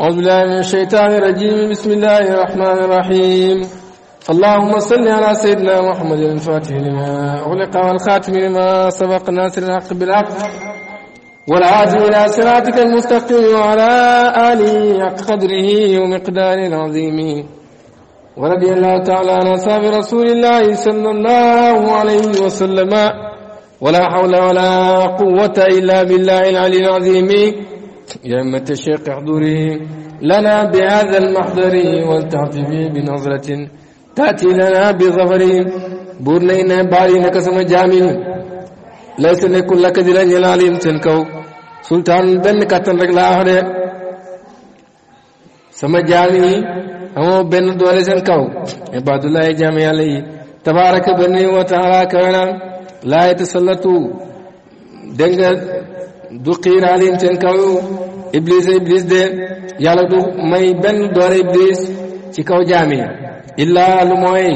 أعوذ بالله من الشيطان الرجيم بسم الله الرحمن الرحيم اللهم صل على سيدنا محمد الفاتح لما أغلق والخاتم لما سبق ناصر الحق بالحق والعازم إلى صراطك المستقيم وعلى آله حق قدره ومقداره العظيم ورضي الله تعالى عن أصحاب رسول الله صلى الله عليه وسلم ولا حول ولا قوة إلا بالله العلي العظيم يا أمة الشيخ احضري لنا بهذا المحضر والتعطفي بنظرة تأتي لنا بظفر بورنين بارينا كسم جامل ليس لكل كذلا يلاليم تنكو سلطان بن كتن رك لا سم سما جامي بن دولة تنكو عباد الله جامي عليه تبارك بني وتعالى كرنا لا يتسلطو دنگا du xiiraaleen seen kaw iblis iblis de yàlla du may benn doole iblis ci kaw jaam yi illaa lu mooy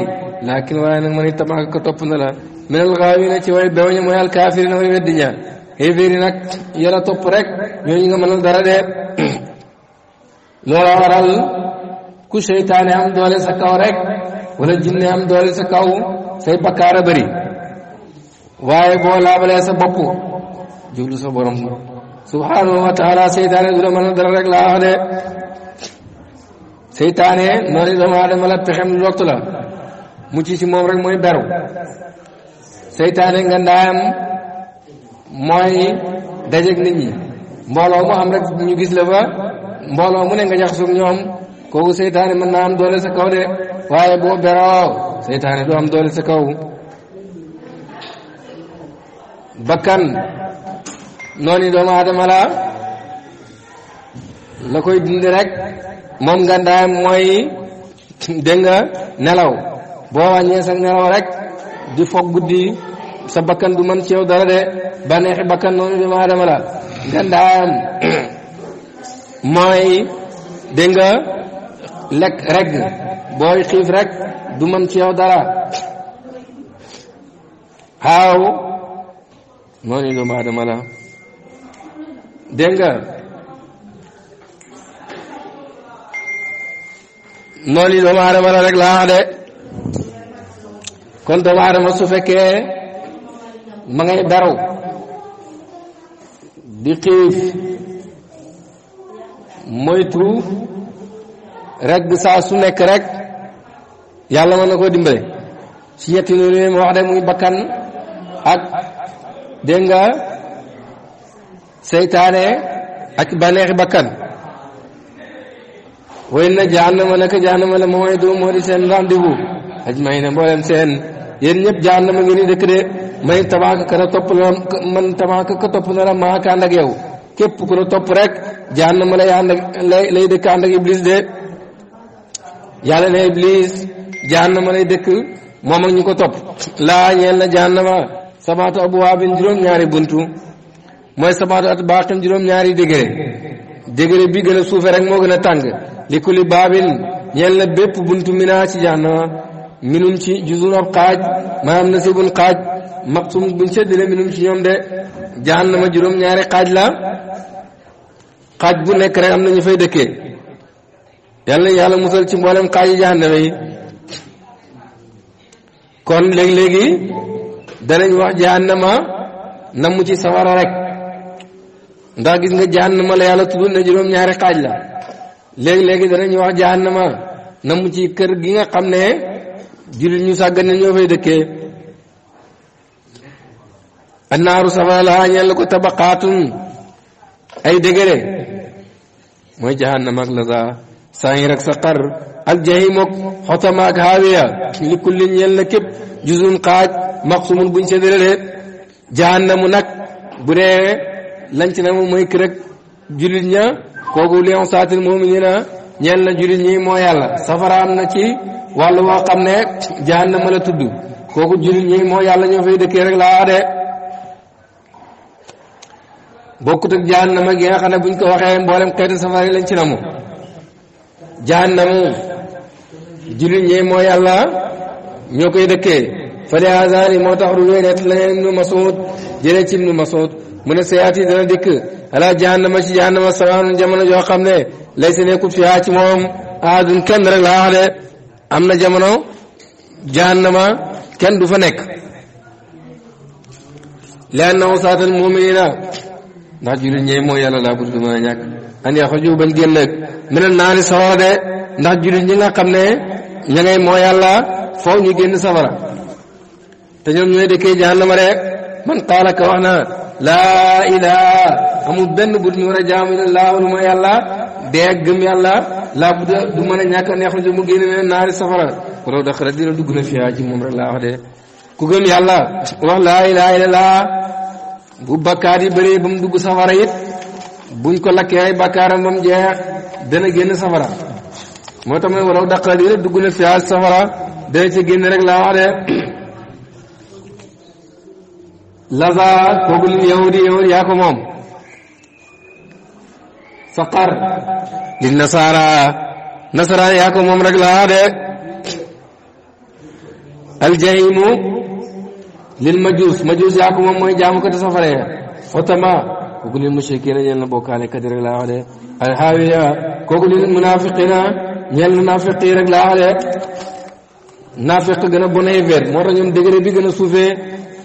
laakin waaye nag man itam ko topp na la minal xaawina ci way beew mooy alkaafiri na way weddi ña xéeféeri nag yàlla topp rek ñooñu nga mënal dara de loola waral ku seytaane am doole sa kaw rek wala jinne am doole sa kaw say bakkaara bëri waaye boo laabalee sa bopp jublu sa borom subhanahu wa taala seytaane du la mën a dara rek laa wax de seytaane noonu doomu aadama la pexem lott la mucc ci moom rek mooy beru seytaane nga ndaayam mooy dajeeg nit ñi mbooloo mu am rek ñu gis la fa mbooloo mu ne nga jaxasoog ñoom kooku seytaane mën naa am doole sa kaw de waaye boo beroo seytaane du am doole sa kaw bakkan noonu doomu aadama la la koy dindi rek moom ngandaayam mooy dégg nga nelaw boo wàññee sa nelaw rek di foog guddi sa bakkan du mën ci yow dara de bànneexi bakkan noonu doomu aadama la ngandaayam mooy dégg nga lekk rek booy xiif rek du mën ci yow dara xaaw noonu doomu aadama la dégg nga noonu doomu aadama la rek laa de kon doomu aadama su fekkee ma ngay daraw di xiif moytu rek saa su nekk rek yàlla ma na koo dimbale si yetti noonu ma wax de muy bakkan ak dégg seytaane ak bànneexi bakkan way na jahannama naka jahannama la mooy du moo di seen rendez aj may na mboolem seen yéen ñëpp jahannama ngi ni dëkk de may tabaaka ka la topp la man tabaaka ka topp na la maa ka ànd ak képp ku la topp rek jahannama lay ànd ak lay lay dëkk ànd ak iblis de yàlla ne iblis jahannama lay dëkk moom ak ñu ko topp laa ñeel na jahannama sabaatu abwaabin juróom ñaari buntu mooy sama at baaxtam juróom-ñaari degré degré bi gën a suufe rek moo gën a tàng li kulli baabin ñeel na bépp buntu minaa ci janna minum ci jusun ab xaaj maanaam nasibun xaaj maqsum buñ séddale minum ci ñoom de ma juróom-ñaari xaaj la xaaj bu nekk rek am na ñu fay dëkkee yàlla yàlla musal ci mboolem xaaji jahannama yi kon léegi-léegi danañ wax ma namu ci sawara rek ndax gis nga jahannama la yàlla tudd na juróom-ñaari xaaj la léegi-léegi danañu wax jahannama na mu ci kër gi nga xam ne jullit ñu sàggane ñoo fay dëkkee annaaru safara la ñeen la ko tabaqaatun ay dégëre mooy jahannama ak la sa saangir ak saqar ak jahim ak xotama ak li kulli ñeel na képp jusun xaaj maqsumun buñ séddale de jahannamu nag bu lanc na moom mooy kër ak jullit ña kooku lion saatil muminina ñeel na jullit ñi moo yàlla safara am na ci wàllu woo xam ne jahannama la tudd kooku jullit ñi moo yàlla ñoo fay dëkkee rek buñ ko waxee mboolem xeeti safara ci namu jahannamu jullit koy dëkkee fa de moo tax ruwee net la neen ibnu Mas'ud jëlee ci ibnu Mas'ud mu ne sayaat yi dana dikk ala jahannama ci jahannama sawaanun jamono joo xam ne lay sa nekkut fi haa ci moom aadun kenn rek laa wax de am na jamono jahannama kenn du fa nekk liannahu saatal muminina ndax jullit ñëw mooy yàlla laa bud du mën a ñàkk an yaa xaju bañ génn nag mu naani sawara de ndax jullit ñi nga xam ne ña moo yàlla foofu ñu génn safara te ñoom ñooy dëkkee jahannama rek man qaala wax naa laa ilaha amul benn bu ñu war a jaamu illallaahu lu ma yàlla dee gëm yàlla laa bu du mën a ñàkk a neex na ci mu génne leen naari dugg na moom rek laa wax de ku yi bëree ba mu safara it buñ ko lakkee ay bakkaaram ba génn safara moo tax ma waraw daxara dina dugg na fiyaa safara dana ci génn rek laa wax de laza kooku lil yahudi yahudi yaa ko moom saqar lil nasara nasara yaa ko moom rek laa de aljahimu lil majus majus yaa ko mooy jaamu ko te safare xotama kooku lil mushrikina ñeel na bokkaale kat rek laa de alhawiya kooku lil munafiqina ñeel na nafiqi rek laa de nafiq gën a bonay ver moo tax ñoom degré bi gën a suufee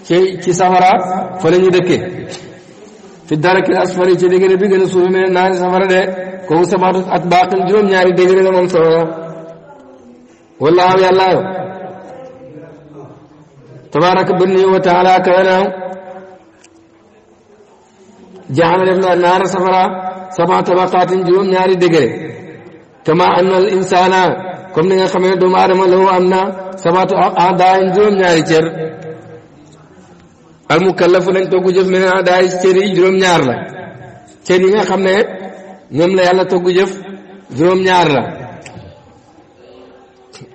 ci ci safara fa la ñu dëkkee fi darakil asfali ci degré bi gën a suufi mel naani safara de kooku sabaatu ak baaqin juróom-ñaari degré la moom safara wallaahu yàllaaw tabaraka bani wa taala kawanaaw jaxala def na naara safara saba tabaqaatin juróom-ñaari degré kama anna al insana ni nga xamee doomu aadama la am na sabaatu aadaayin juróom-ñaari cër المكلف لن توكو جف من هذا يشتري جروم نيار لا تاني ما خمنا نم لا يلا توكو جف جروم نيار لا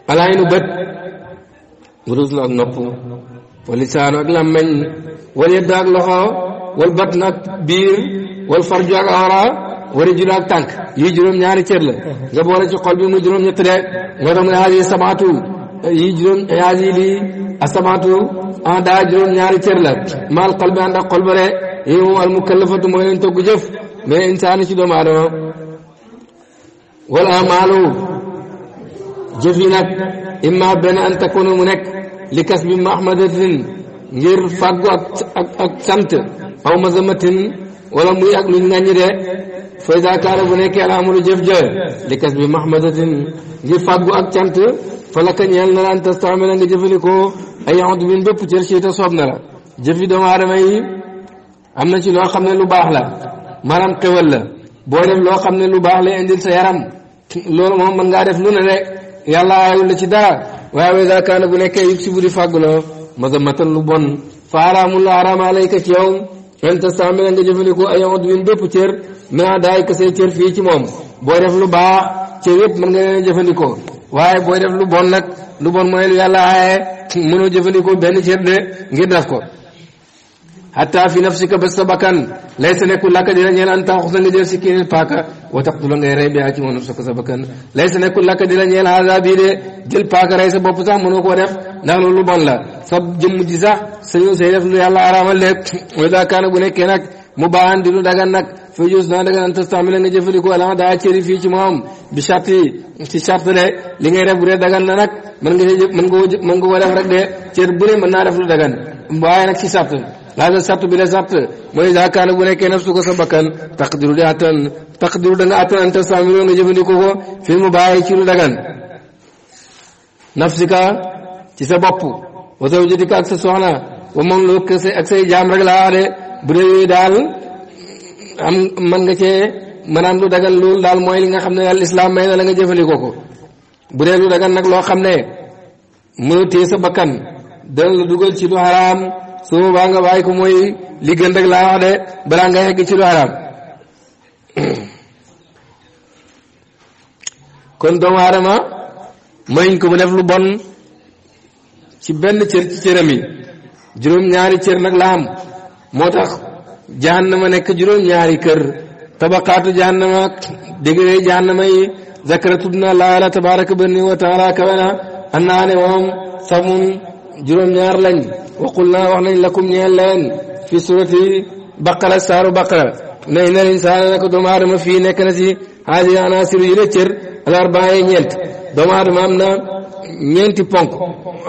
بلا ينو بد غروز لا نبو ولسان اقلا من وليداك لخا والبطن بير والفرج اقارا ورجل اقتنك يجروم نيار تير لا جبورة قلبي مجروم نتري ورم لهذه سبعته يجروم هذه لي asamaatu ah daa juróom ñaari cër la maal xol bi ànd ak xol ba de mooy leen togg jëf mais insaani ci doomu aadama wala maalu jëf yi nag imma benn an takkoon mu nekk li kas bi mahmadatin ngir fàggu ak ak ak sant aw wala muy ak luñ ŋàññi de fayda ak cant. falaka ñeel na la an la nga jëfandikoo ay yaxut bin bépp cër siita soob na la jëfi doomu aadama yi am na ci loo xam ne lu baax la maanaam xewal la boo def loo xam ne lu baax la indil sa yaram loolu moom mën ngaa def lu ne rek yàlla aayul la ci dara waaye wa idaa kaana bu nekkee yëg si bu di fàggu la mazamatan lu bon fa araamun la lay alayka ci yow an tastaamila nga jëfandikoo a yaxut bin bépp cër mina daay ka say cër fii ci moom boo def lu baax cër mën nga leen jëfandikoo waaye booy def lu bon nag lu bon mooy lu yàlla aaye mënoo jëfandikoo benn cër de ngir def ko hatta fi nafsika ba sa bakkan lay sa nekkul làkk dina ñeel an taxu sa si kii paaka wa taqtula bi ci moom sa bakkan lay sa nekkul làkk dina ñeel haasa bii de jël paaka rey sa bopp sax mënoo ko def ndax loolu lu bon la sa jëmm ji sax sañu say def lu yàlla araamal léeg wa daa kaana bu nekkee nag mu baaxaan di lu dagan nag fii jus naa dagan tastamila nga jëfandikoo alama daa cëri fii ci moom bi charte ci charte de li ngay def bu dee dagan na nag mën nga see mën nga de cër bu mën naa def lu dagan waaye nag ci charte laata charte bi la charte mooy zaakaana bu nekkee nafsu ko sa bakkan taqdiru di attan taqdiru da nga attan an tastamila nga jëfandikoo ko fii mu bàyyi ci lu dagan nafsika ci sa bopp wa zawjatika ak sa soxna wa moom lu ak say jaam rek laa de bu dee yooyu daal am mën nga cee maanaam lu dagan loolu daal mooy li nga xam ne daal islam may na la nga jëfandikoo ko bu dee lu dagan nag loo xam ne mënu téye sa bakkan dana dugal ci lu xaraam su boobaa nga bàyyi ko mooy li gën rek laa wax de balaa nga yegg ci lu xaraam kon doomu aadama mayuñ ko mu def lu bon ci benn cër ci cëram yi juróom ñaari cër nag la am moo tax jahannama nekk juróom-ñaari kër tabaqaatu jahannama degré jahannama yi zakara tudd na laa yàlla tabaraka bani wa taala kawena an naa ne moom juróom-ñaar lañ waqul naa wax nañ lakum ñeel leen fi surati baqara saaru baqara ne inna insaana naka doomu aadama fii nekk na si haadi anaasiru yi la cër alarbaa ñeent doomu aadama am na ñeenti ponk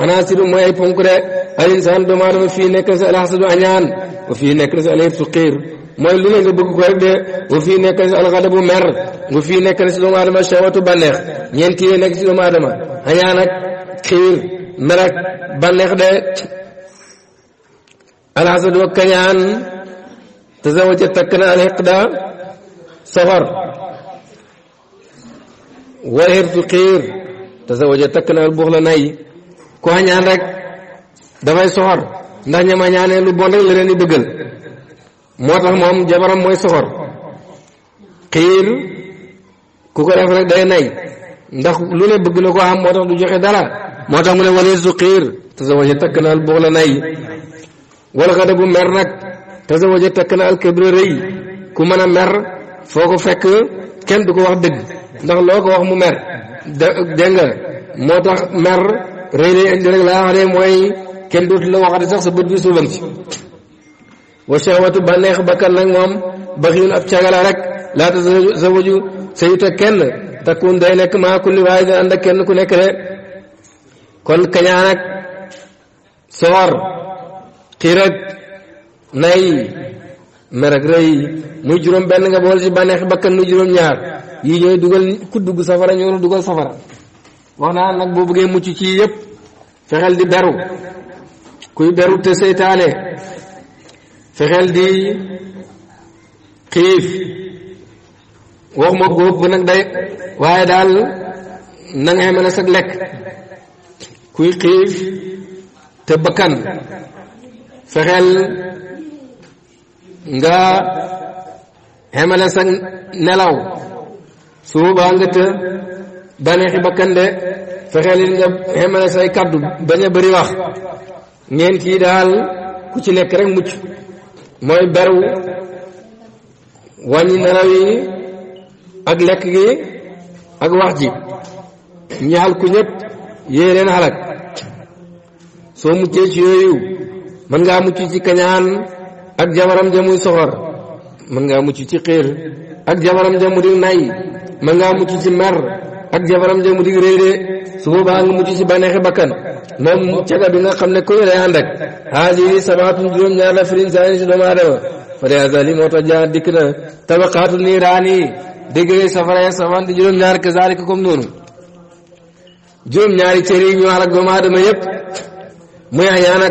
anaasiru mooy ponk de الانسان بما دام في نيك سال حسد عنان وفي نيك سال فقير موي لي نيغا بوك كوي دي وفي نيك سال غضب مر وفي نيك سال دوما دام شوات بانيخ نينتي نيك سال دوما دام عنان خير مرك بانيخ دي الحسد وكيان تزوج تكنا الاقدا صغر والهر فقير تزوج تكنا البغل كو عنان damay soxor ndax ñama ñaanee lu bon rek la leen di bëggal motax mom jabaram moy soxor xiir ku ko def rek day nay ndax lu ne bëgg na ko am motax du joxe dara motax mu ne wala zuqir tazawaj takna al bughla nay wala xada bu mer nak tazawaj takna al kibra ray ku mën mer foko fekk kenn du ko wax deug ndax loko wax mu mer de nga motax mer rëy lay indi rek laa kenn dootu la waxati sax sa bët bi suuban ci wa shahwatu bànneex bakkan nag moom baxiun ab cagala rek laata sa waju sayuta kenn takkuun day nekk maa kulli waaye da ànd ak kenn ku nekk de kon kañaan ak soxor xiir ak nay mer ak muy juróom benn nga boole ci bànneex bakkan muy juróom ñaar yii ñooy dugal ku dugg safara ñoo dugal safara wax naa nag boo bëggee mucc ci yëpp fexeel di beru kuy beru te seytaane fexeel di xiif waxuma góob ba nag day waaye daal na nga sag lekk kuy xiif te bakkan fexeel nga xemale sa nelaw su boobaa nga të baneexi bakkan de fexeel it nga xemale say kaddu bañ a bëri wax ñeent kii daal ku ci lekk rek mucc mooy beru wàññi nelaw ak lekk gi ak wax ji ñi xalku ñëpp yée leen xalak soo muccee ci yooyu mën ngaa mucc ci kañaan ak jabaram jamuy soxor mën ngaa mucc ci xiir ak jabaram jamu di nay mën ngaa mucc ci mer ak jabaram ja mu dig réy de su boobaa nga mujj ci bànneexi bakkan moom caga bi nga xam ne koy lay ànd ak haadihi sabaatun juróom-ñaar la firin si doomu aadama fa de li moo tax dikk na tabaqaatu nii raan yi safara ya savante juróom-ñaar kazaalika comme noonu juróom-ñaari cër ñu xalak doomu aadama yëpp muy ayaan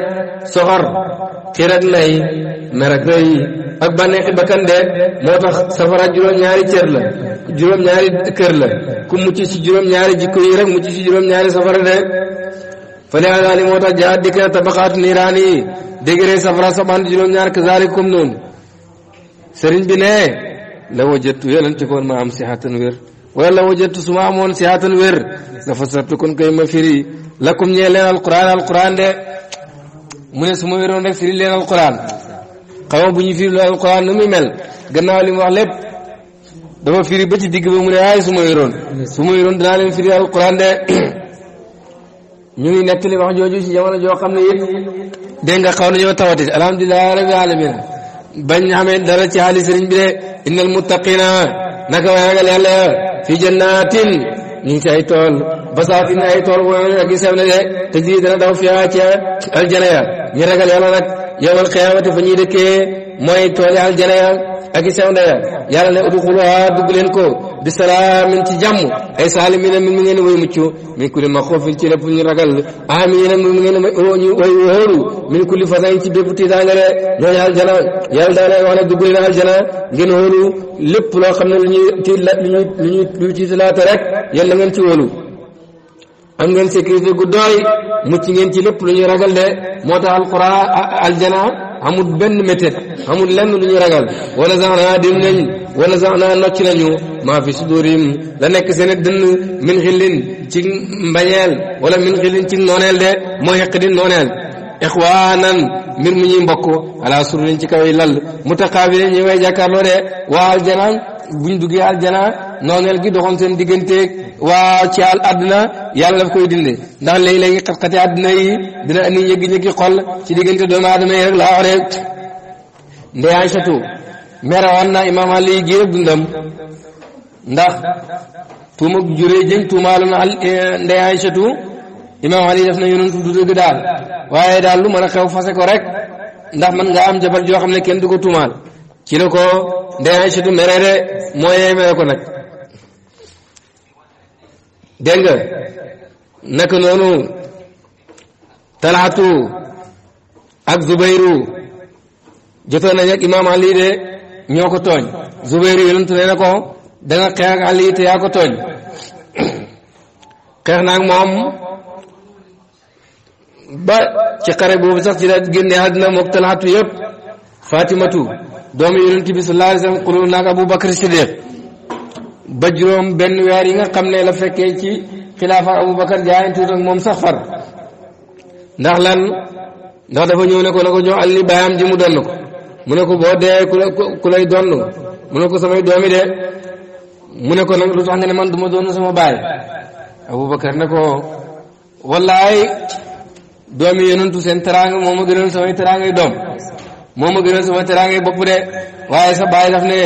soxor xiir ak nay mer ak bànneexi bakkan de moo tax safara juróom-ñaari la juróom-ñaari kër la ku mucc ci juróom-ñaari jikko yi rek mucc ci juróom-ñaari safara de fële alaani moo tax jaat dikk na tabaxaat niiraan yi safara sabant juróom-ñaar kazaalik comme noonu sëriñ bi ne la wajattu yonente koon ma am sihatan la wajattu su ma ma firi lakum ñee leen alquran alquran de mu ne su ma wéroon rek firi leen alquran xaw bu ñu firi lu alquran nu muy mel gannaaw li mu wax lépp dafa firi ba ci ba mu ne ay su ma yoroon su ma yoroon dinaa leen firi alquran de ñu ngi nettali wax jooju ci jamono joo xam ne yëpp dégg nga xaw nañoo tawati alhamdulilah rabbil alamin bañ xamee dara ci xaalis sëriñ bi de innal muttaqina naka way ragal yàlla fi jannatin نيتاي تول بساتين اي تول وي اغي سبل لي تجي دنا داو فيا تي الجنايا ني رغال يالا نك يوم القيامه فني دكي موي تول الجنايا ak i sew ndeyam yàlla ne udxuluha dugg leen ko bi salaamin ci jàmm ay saalimiina mi ngeen way mucc min ci lépp ñu ragal aamiina mi ngeen ñu way wóoru min kulli fasan ci bépp tiitaange de ñooñu aljana yàlla daa lay wax ne dugg leen aljana lépp loo xam ne lu ñuy tiit la lu ñuy lu ñuy lu tiitalaate ngeen ci wóolu am ngeen sécurité gu doy mucc ngeen ci lépp lu ñuy ragal de moo tax alquran janaa amul benn métit amul lenn lu ñu ragal wala sax naa dim nañ wala sax naa nocc nañu maa fi sudurim la nekk seen dënn min xillin ci mbañeel wala min xillin ci nooneel de mooy xeq di nooneel ixwaanan mbir mu ñuy mbokk ala sururin ci kaw yi lal mutaqaabilin ñi way jàkkaarloo de waa aljanaan buñ duggee aljanaan nooneel gi doxoon seen digganteeg waa ci al àddina yàlla daf koy dindi ndax léegi-léegi xat-xati àdduna yi dina andi ñëggi xol ci diggante doomu aadama yi rek laa ndax tuuma juree jëñ tuumaaloon na eh, ndey Aysatu na yonentu du dëgg daal waaye daal lu mën a xew fase ko rek ndax man nga am jabar joo xam ne kenn du ko tuumaal ci la ko ndey Aysatu mere de mooyee mere nag dégg nga naka noonu talaatu ak Zubairu jotoon nañ ak imaam Ali de ñoo ko tooñ Zubairu yonent nee na ko da nga xeex ak Ali te yaa ko tooñ xeex naa moom ba ci xare boobu sax ci la génne àddina mook talaatu yëpp Fatimatu doomu yonent bi sallallahu alayhi wa sallam naag Abu Bakr Siddiq ba juróom benn weer yi nga xam ne la fekkee ci xilaafa Aboubacar jaayantuut ak moom sax far ndax lan ndax dafa ñëw ne ko na ko jox alli baayam ji mu donn ko mu ne ko boo dee ku la ku lay donn mu ne ko samay doomi de mu ne ko lu tax nga ne man du ma doon sama baay Aboubacar ne ko wallaay doomi tu seen teraanga moo ma gënal samay teraangay doom moo ma gënal samay teraangay bopp de waaye sa baay daf ne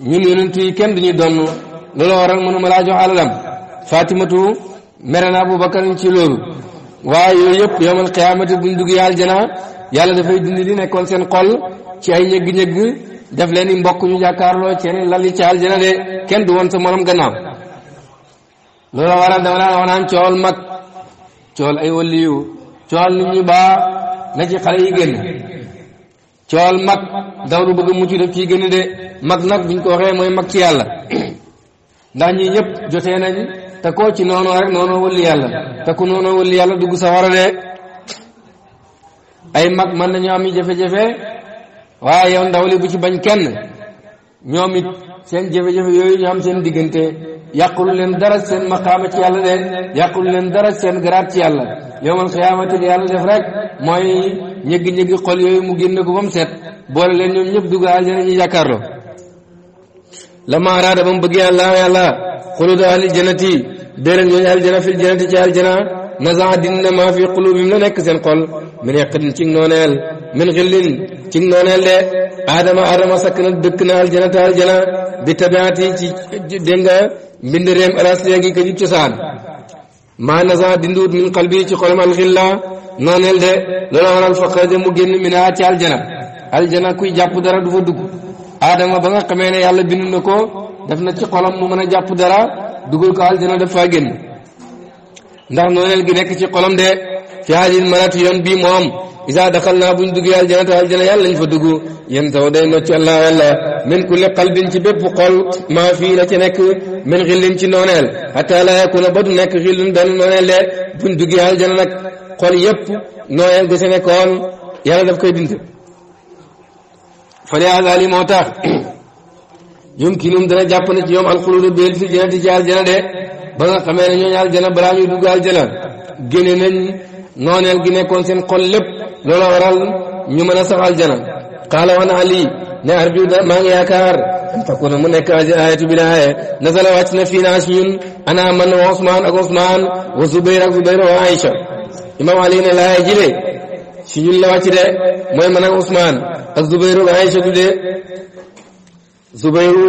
ñun yonent yi kenn duñu donn loolu waral mënuma laa jox alalam fatimatu mere na abubakar ci loolu waaye yooyu yëpp yowmal xiyaamati buñ duggee aljana yàlla dafay dindi li nekkoon seen xol ci ay ñëgg-ñëgg def leen i mbokk ñu jàkkaarloo seen lal yi ci aljana de kenn du won sa morom gannaaw loolu waral dama naan wax naan coowal mag coowal ay waliyu coowal nit ñu baax na ci xale yi génn coowal mag daw du bëgg mucc def ciy génn de mag nag buñ ko waxee mooy mag ci yàlla ndax ñii ñëpp jotee nañ te koo ci noonu rek noonu wëlli yàlla te ku noonu wëlli yàlla dugg safara de ay mag man nañu am jafe-jafe waaye ndaw li bu ci bañ kenn ñoom it seen jafe-jafe yooyu ñu am seen diggante yàqulu leen dara seen maqaama ci yàlla de yàqulu leen dara seen garaat ci yàlla yowmal xiyaamati li yàlla def rek mooy ñëgg-ñëgg xol yooyu mu génne ko ba mu set boole leen ñoom ñëpp dugg aljana ñu jàkkaarloo lama araada ba mu bëggee allah yàlla xuludu ahli jannati béeral ñooñu aljana fil jannati ci aljana nazaa dina maa fi qulubihim la nekk seen xol min eqdin ci nooneel min xillin ci nooneel de adama adama sakk na dëkk na aljana te aljana bi tabiati ci dégg nga mbind réem alas cosaan maa nazaa dinduut min qalbi ci xolam alxilla nooneel de loolu waral faqada mu génn min a ci aljana aljana kuy jàpp dara du fa dugg aadama ba nga xamee ne yàlla bind na ko def na ci xolam mu mën a jàpp dara dugal ko aljana dafa génn ndax nooneel gi nekk ci xolam de fi haadil manati yoon bii moom isa daxal naa buñ duggee aljana te aljana yàlla lañ fa dugg yéen taw day nocc allah yàlla kulli qalbin ci bépp xol maa fii la ci nekk min xillin ci nooneel hatta la yakuna ba du nekk xillun benn nooneel de buñ duggee aljana nag xol yépp nooneel ga sa nekkoon yàlla daf koy dindi falihaza li moo tax ñoom kii ñoom dana jàpp na ci ñoom alxuludu béel fi janati ci aljana de ba nga xamee ne ñooñu aljana balaa ñuy dugg aljana génne nañ nooneel gi nekkoon seen xol lépp loola waral ñu mën a aljana qaala wan ali ne arju maa ngi yaakaar an takuna mu nekk ayatu bi laaye nasala wàcc na fii ñun ana man wa Ousmane ak Ousmane wa Zubayr ak Zubayr wa Aïcha imam ali ne laaye ji si ñun la wàcc de mooy man ak Ousmane ak Zubairu ak de Zubairu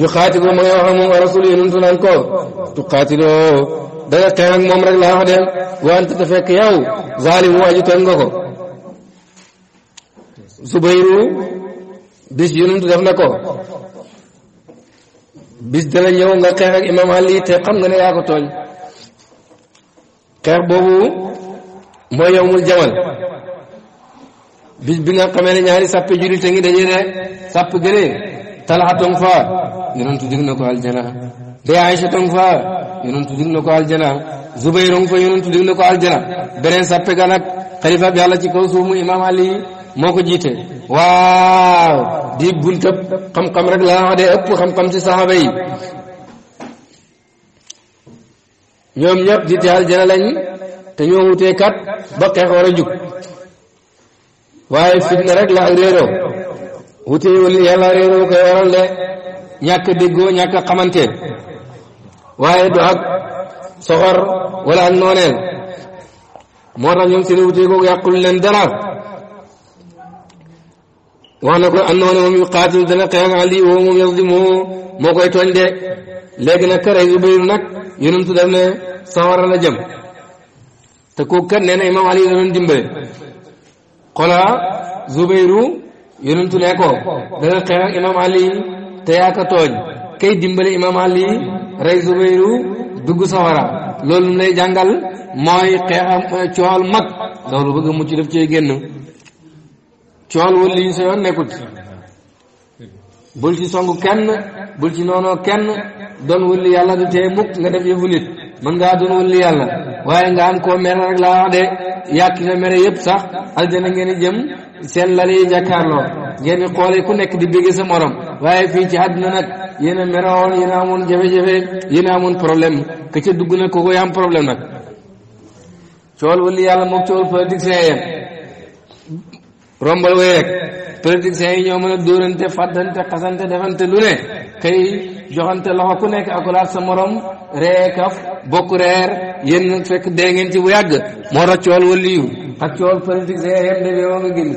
yu xaatibu ma ngay wax ak moom rasul yi nuntu naan ko tuqaatiloo da nga xeex ak moom rek laa wax de wante te fekk yow zaalimu aji tooñ nga ko Zubairu bis yu nuntu def na ko bis dana ñëw nga xeex imam Ali te xam nga ne yaa ko tooñ xeex boobu mooy yowmul jamal bis bi nga xamee ne ñaari sàppe jullit a ngi daje de sàpp gënee talxa tong fa yonentu dig na ko aljana de Aïcha tong fa yonentu dig na ko aljana Zubayr fa yonentu dig na ko aljana beneen sàppe ga nag xalifa bi yàlla ci kaw suuf mu Ali moo ko jiite waaw di buntab xam-xam rek laa wax de ëpp xam-xam ci saxaaba yi ñoom ñëpp jiite aljana lañ te ñoo wutee kat ba xeex war a jug waaye fitna rek la ak réeroo wutee yàlla réeroo koy waral de ñàkk déggoo ñàkk xamante waaye du ak soxor wala ak moo tax ñoom seen wutee googu yàqul leen dara wax na ko moom yu xaatil dana xeex ali woo moom yasdimu moo koy tooñ de léegi nag kare Zubayru nag yonentu def ne sawara la jëm te kooku kat nee na imaam Ali la doon dimbale xola Zubayru yonentu ne ko da nga Ali te yaa ko tooñ kay dimbale imaam Ali rey Zubayru dugg safara loolu mu lay jàngal mooy xeexam eh, coowal mag loolu bëgg mucc def cee génn coowal wala li ñu sa yoon nekkut bul ci songu kenn bul ci noonoo kenn doon wëlli yàlla du tee mukk nga def yëfu mën ngaa doon wëlli yàlla waaye nga am koo mere rek laa wax de yàkki na mere yëpp sax aljana ngeen di jëm seen lali yi ngeen di xoole ku nekk di bégg sa morom waaye fii ci àdduna nag yéen a meroon yéen a amoon jafe-jafe yéen a amoon problème ka dugg nag ko yaa am problème nag cool wëlli yàlla moom cool politique see yem rombal way rek politique yi ñoo mën a dóorante fàddante xasante defante lu ne kay joxante loxo ku nekk akulaat sa morom ree kaf bokk reer yéen nag fekk dee ngeen ci bu yàgg moo tax cool wala yiw ak cool politique yi yéen de moo nga génn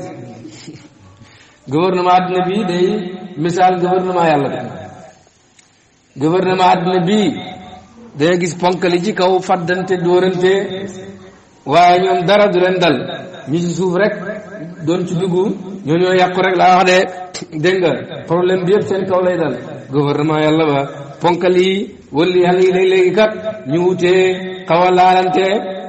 gouvernement adduna bii day misaal gouvernement yàlla bi gouvernement adduna bii danga gis ponkali ci kaw fàddante dóorante waaye ñoom dara du leen dal ñu ci suuf rek doon ci dugg ñoo ñoo yàqu rek laa wax de dégg nga problème bi yëpp seen kaw lay dal gouvernement yàlla ba ponkal yi wëlli yàlla yi léeg-léegi kat ñu wutee xaw a laalante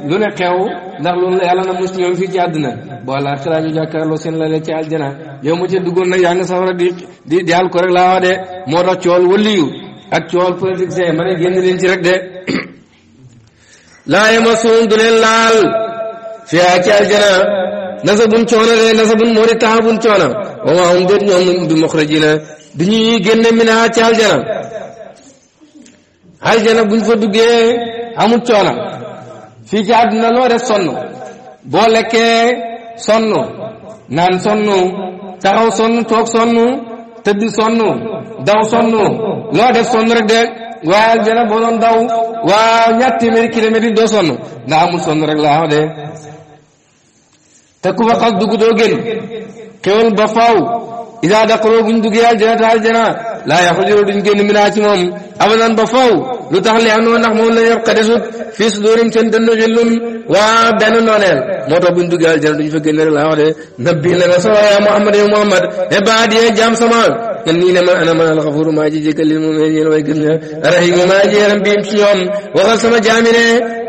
lu ne xew ndax loolu la yàlla a mus ñoom fii ci àddina boo àllaaxira ñu jàkkaarloo seen lale ma ca duggoon nag yaa nga safara di di di al ko rek laa wax de moo tax cool wëlliyu leen ci rek de laa yamasuun nasabun coono de nasabun moo di taxabun coono wa maa hum ñoom bi muxrajina du ñuy génne minaa ci aljana aljana buñ fa duggee amul coono fii ci àdduna loo def sonn boo lekkee sonn naan sonn taxaw sonn toog sonn tëdd sonn daw sonn loo def sonn rek de waaye aljana boo doon daw waa ñaar téeméeri kilomètre doo sonn ndax amul sonn rek laa de te ku fa xas dugg doo génn xéwal ba faaw idaa daqaloo buñ duggee aljana te aljana laa yaxrujuna duñ génn minaa ci moom abadan ba faaw lu tax li anoo ndax moom la yor xadisut fii suduurim seen dënd xillun waa benn nooneel moo tax buñ duggee aljana duñ fa génn rek laa wax de nabbi na na sawa yaa muhammad ya muhammad e baad yee jaam sama man nii ne man ana man alxafuru maa ji jéggal lil mu'minin yéen way gëm ña rahimu maa ji yaram biim ci ñoom waxal sama jaami ne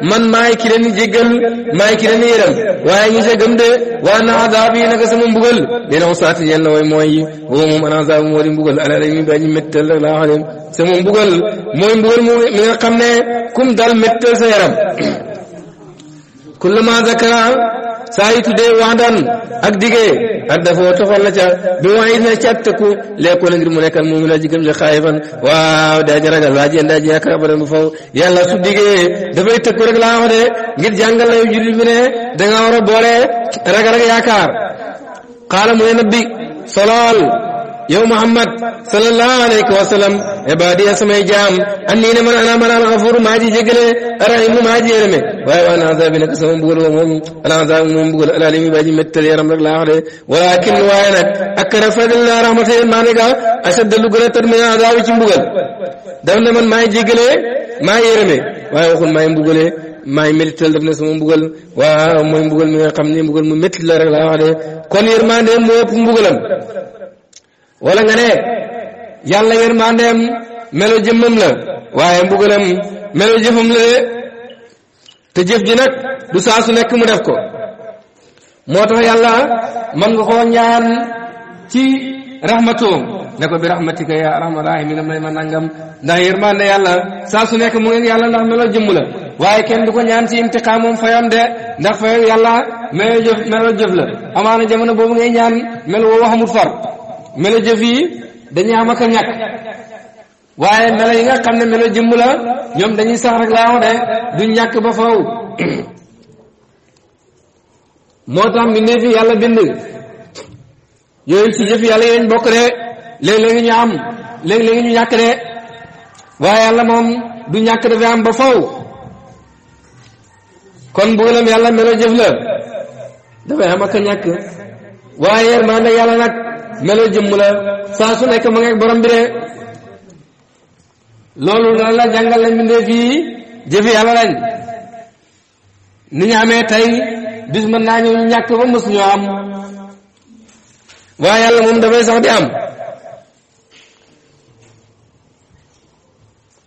man maay ki leen jéggal maay ki leen yërëm waaye ñi sa gëm de waa na azaab yi naka sama mbugal dina ko saati yéen la way mooy woo moom an azaab moo di mbugal ala mi ba ñu méttal rek laa wax de sama mbugal mooy mbugal moom mi nga xam ne kum dal méttal sa yaram kullama zakara saa yi tuddee waxdan ak digee ak dafoo toxal na ca bi waa it na càttaku lekkoo la ngir mu nekkal moom laa ji gëm li xaayifan waaw daa ji ragal laa ji daa ji yaakaar bu faw yàlla su digee dafay tëkku rek laa ngir jàngal la yu jullit bi ne da nga war a boole ragal ak mu ne nabbi solool يا محمد صلى الله عليه وسلم عبادي اسمي جام اني من انا من انا غفور ما جي جگلے رحیم ما جي رمے واي وانا عذاب لك سوم بقول وهم انا عذاب من بقول العالم باجي مت يا رب الله عليه ولكن وانا اكرف الله رحمه ما نگا اشد لغره ترمي عذاب چم بقول دون من ما جي جگلے ما يرمي واي وخل ما يم بقولے maay melital def na sama mbugal waaw mooy mbugal mi nga xam ne mbugal mu métti la rek laa wala nga ne yàlla yërmandeem melo jëmmam la waaye mbugalam melo jëfam la de te jëf ji nag du saa su nekk mu def ko moo tax yàlla man nga koo ñaan ci rahmatoom ne ko bi rahmatika ya arhamar rahimin may ma nangam ndax yërmande yàlla saa su nekk mu ngi yàlla ndax melo jëmm la waaye kenn du ko ñaan ci intiqaamam fayam de ndax fayam yàlla melo jëf melo jëf la amaana jamono boobu ngay ñaan melo woo far melo jëf yi dañuy am ak ñàkk waaye melo yi nga xam ne melo jëmm la ñoom dañuy sax rek laa wax du ñàkk ba faw yàlla bind yooyu ci jëf yàlla léegi ñu am léeg ñàkk de waaye yàlla am ba faw kon yàlla melo meloo jëmm la saa su nekk ma ngeeg borom bi de loolu dana la jàngal la mbindee fii jëfi yàlla ni ñu amee tey bis mën naa ñu ñàkk ba mos am waaye yàlla moom dafay sax di am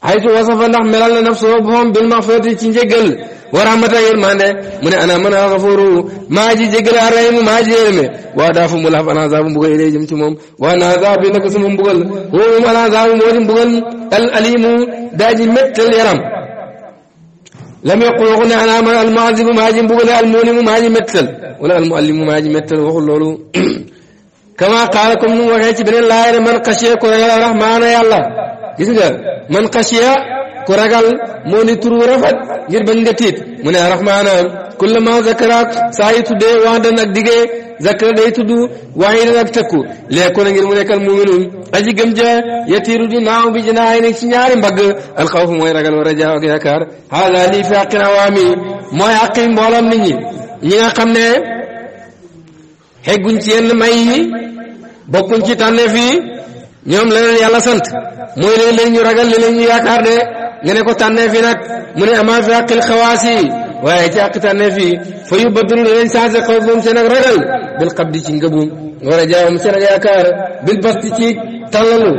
xaytu wasafa ndax melal na naf soo boppam bil maxfirati ci njëggal ورحمت ورحمة يرمانه من أنا من غفور ما جي جقل الرحيم ما جي يرمي واداف ملاف أنا عذاب بغل إليه جمتمهم وأنا زاب عذاب نقسم بغل هو أنا زاب بغل بغل الأليم داجي متل يرم لم يقل يغني انا من المعذب ما جي بغل المؤلم ما جي متل ولا المؤلم ما جي متل وقل لولو كما قالكم نوحي بن الله من قشيكم كره الرحمن يا الله gis nga man ku ragal moo ni turu rafet ngir bañ nga tiit mu ne arrahmaana kulla ma zakaraat saa yi tuddee waadan ak digee zakara day tudd waaye waayidan ak tëkku leeku na ngir mu nekkal muminu aji gëm ja yatiiru du naaw bi jinaayi ni ci ñaari mbagg alxawfu mooy ragal wa rajaa ak yaakaar haala lii fi àqin awaami mooy àqi mboolam nit ñi ñi nga xam ne xegguñ ci yenn may yi bokkuñ ci tànne fii ñoom leneen yàlla sant mooy leen leen ñu ragal leen léeg ñu yaakaar de nga ne ko tànnee fi nag mu ne amaa fi àqil xawaas yi waaye ci àq tànnee fi fa yu baddilu danañ changé xaw moom seen ak ragal bil xabdi ci ngëbu wala jaawam seen ak yaakaar bil basti ci tàllalu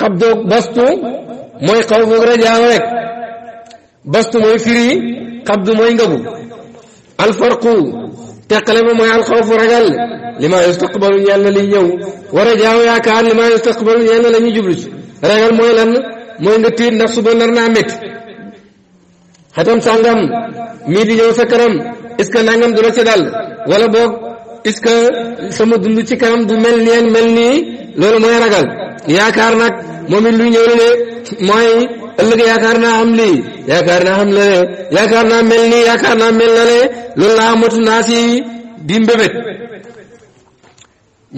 xabdoog bastu mooy xaw foog rajaam rek bastu mooy firi xabdu mooy ngëbu alfarqu teqale ba mooy alxawfu ragal li ma yustaqbalu ñeel na liy ñëw war a jaaw yaakaar li ma yustaqbalu ñeel na la ñu jublu ci ragal mooy lan mooy nga tiit ndax suba nar naa xatam sàngam mii di ñëw sa kanam est-ce que du la ci dal wala boog est-ce sama dund ci kanam du mel nii loolu mooy ragal yaakaar naa am lii yaakaar naa am lale yaakaar naa mel nii yaakaar naa mel lale loolu laa amatu naa si di mbébét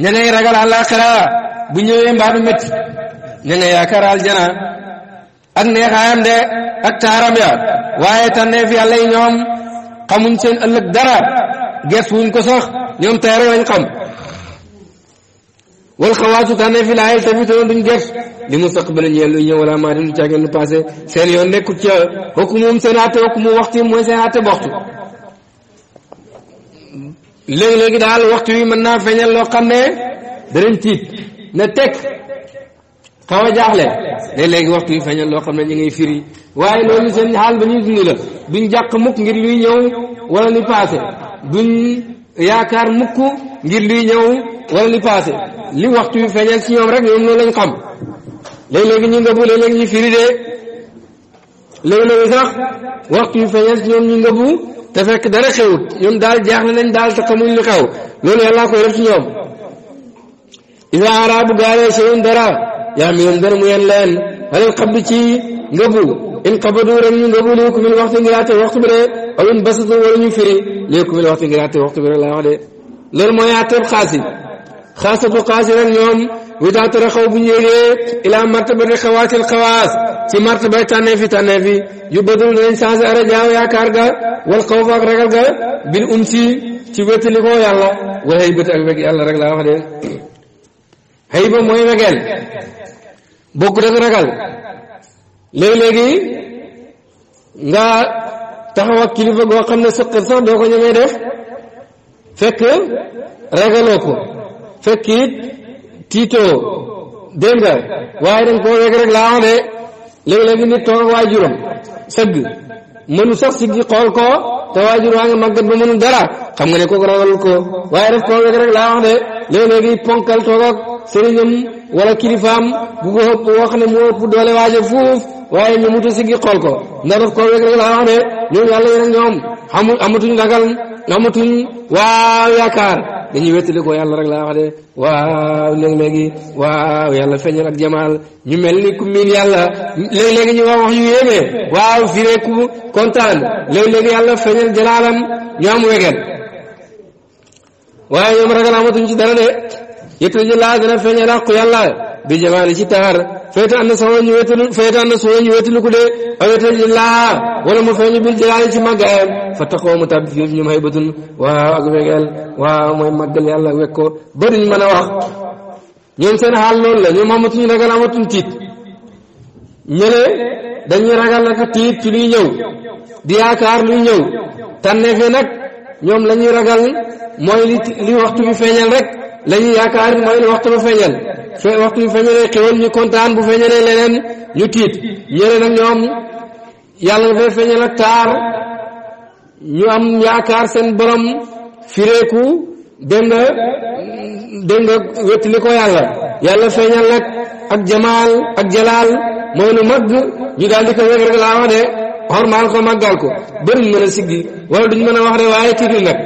ña ngay ragal àllaaxira bu ñëwee mbaa du ña nga yaakaar aljana ak neexaayam de ak taaram ya waaye tànneef yàlla yi ñoom xamuñ seen ëllëg dara gerte wuñ ko sax ñoom tey rek lañ xam wal xawaasu tànneef yi laay tamit duñ gerte li mustaqbal ñeel luy ñëw wala maa dem du caa gën a seen yoon nekkul ca hukumum seen àtte hukumu waxtu mooy seen àtte boxtu léegi léegi daal waxtu wi mën naa feeñal loo xam ne danañ tiit na teg. taw a jaaxle léegi waxtu yi feeñal loo xam ne ñu ngay firi waaye loolu seen la duñ jàq mukk ngir luy ñëw wala li paase duñ yaakaar mukk ñëw wala li li waxtu yi feeñal ci ñoom rek ñoom loolu lañ xam léeg-léegi ñu ngëbu léeg-léegi ñu firi de léeg-léegi fekk dara xewut ñoom daal jaaxle nañ daal te xamuñ lu xew loolu yàllaa koy def ci ñoom isa arabu gaaree seen dara yaa mi yoon benn mu yeen leen alal xabdu ci ngëbu in xabadu ren ñu ngëbu li ko mil waxtu ngir àtte waxtu bi de aw in basatu wala ñu firi li ko mil waxtu ngir àtte waxtu bi de laa wax de loolu mooy àtteeb xaasi xaasatu xaasi rek ñoom witaatu raxaw bu ñu yéegee ilaa martabati xawaasil xawaas ci martabay tànneefi tànneefi yu badul dinañ changé arajaaw yaakaar ga wal xawf ak ragal ga bil um si ci wéttali koo yàlla wa haybati ak weg yàlla rek laa wax de hayba mooy wegeel bokkut ak ragal léegi-léegi nga taxaw ak kilifa goo xam ne sëqat sax doo ko ñemee def fekk ragaloo ko fekk it tiitoo dégg waaye dañ koo wegg rek laa wax de léegi-léegi nit toog ak waajuram sëgg mënu sax si gi xool ko te waajur waa ngi màggat ba mënu dara xam nga ne kooku ragalul ko waaye daf koo wegg rek laa wax de léeg-léegi ponkal toogoog sëriñam wala kilifaam bu ko ëpp wax ne moo ëpp doole waaja fuuf waaye ñu mutu sigi xool ko ndax daf koo wéeg rek laa wax de ñoom yàlla yéen ñoom xamu amatuñ ragal amatuñ waaw yaakaar dañuy wéttali ko yàlla rek la wax de waaw léeg-léegi waaw yàlla feeñal ak jamaal ñu mel ni ku miin yàlla léeg-léegi ñu wax wax yu yéeme waaw fireeku kontaan léeg-léegi yàlla feeñal jalaalam ñu wegel waaye ñoom ragal amatuñ ci dara de yëpp ji laa dana feeñee làqu yàlla bi jamaale ci taar feete ànd sama ñu wétalu feete ànd sama ñu wétalu ko de awete ji laa wala mu feeñu bil jalaale ci màggaayam fa taxoo mu tàbbi fii ñu may batun waaw ak wegeel waaw mooy màggal yàlla wek ko bëriñ mën a wax ñoom seen xaal loolu la ñoom amatuñu ragal amatuñ tiit ñële dañuy ragal ak tiit ci luy ñëw di yaakaar luy ñëw tànneefee nag ñoom la ñuy ragal mooy li li waxtu bi feeñal rek la ñuy yaakaar mooy li waxtu bi feeñal fe waxtu bi feeñalee xéwal ñu kontaan bu feeñalee leneen ñu tiit ñeneen ak ñoom yàlla dafay feeñal ak taar ñu am yaakaar seen borom fireeku dégg nga dégg nga ko yàlla yàlla feeñal nag ak jamaal ak jalaal mooy lu mag ñu daal di ko wér rek laa wax de xormaal ko màggal ko ba duñ mën a siggi wala duñ mën a wax de waaye tiitil nag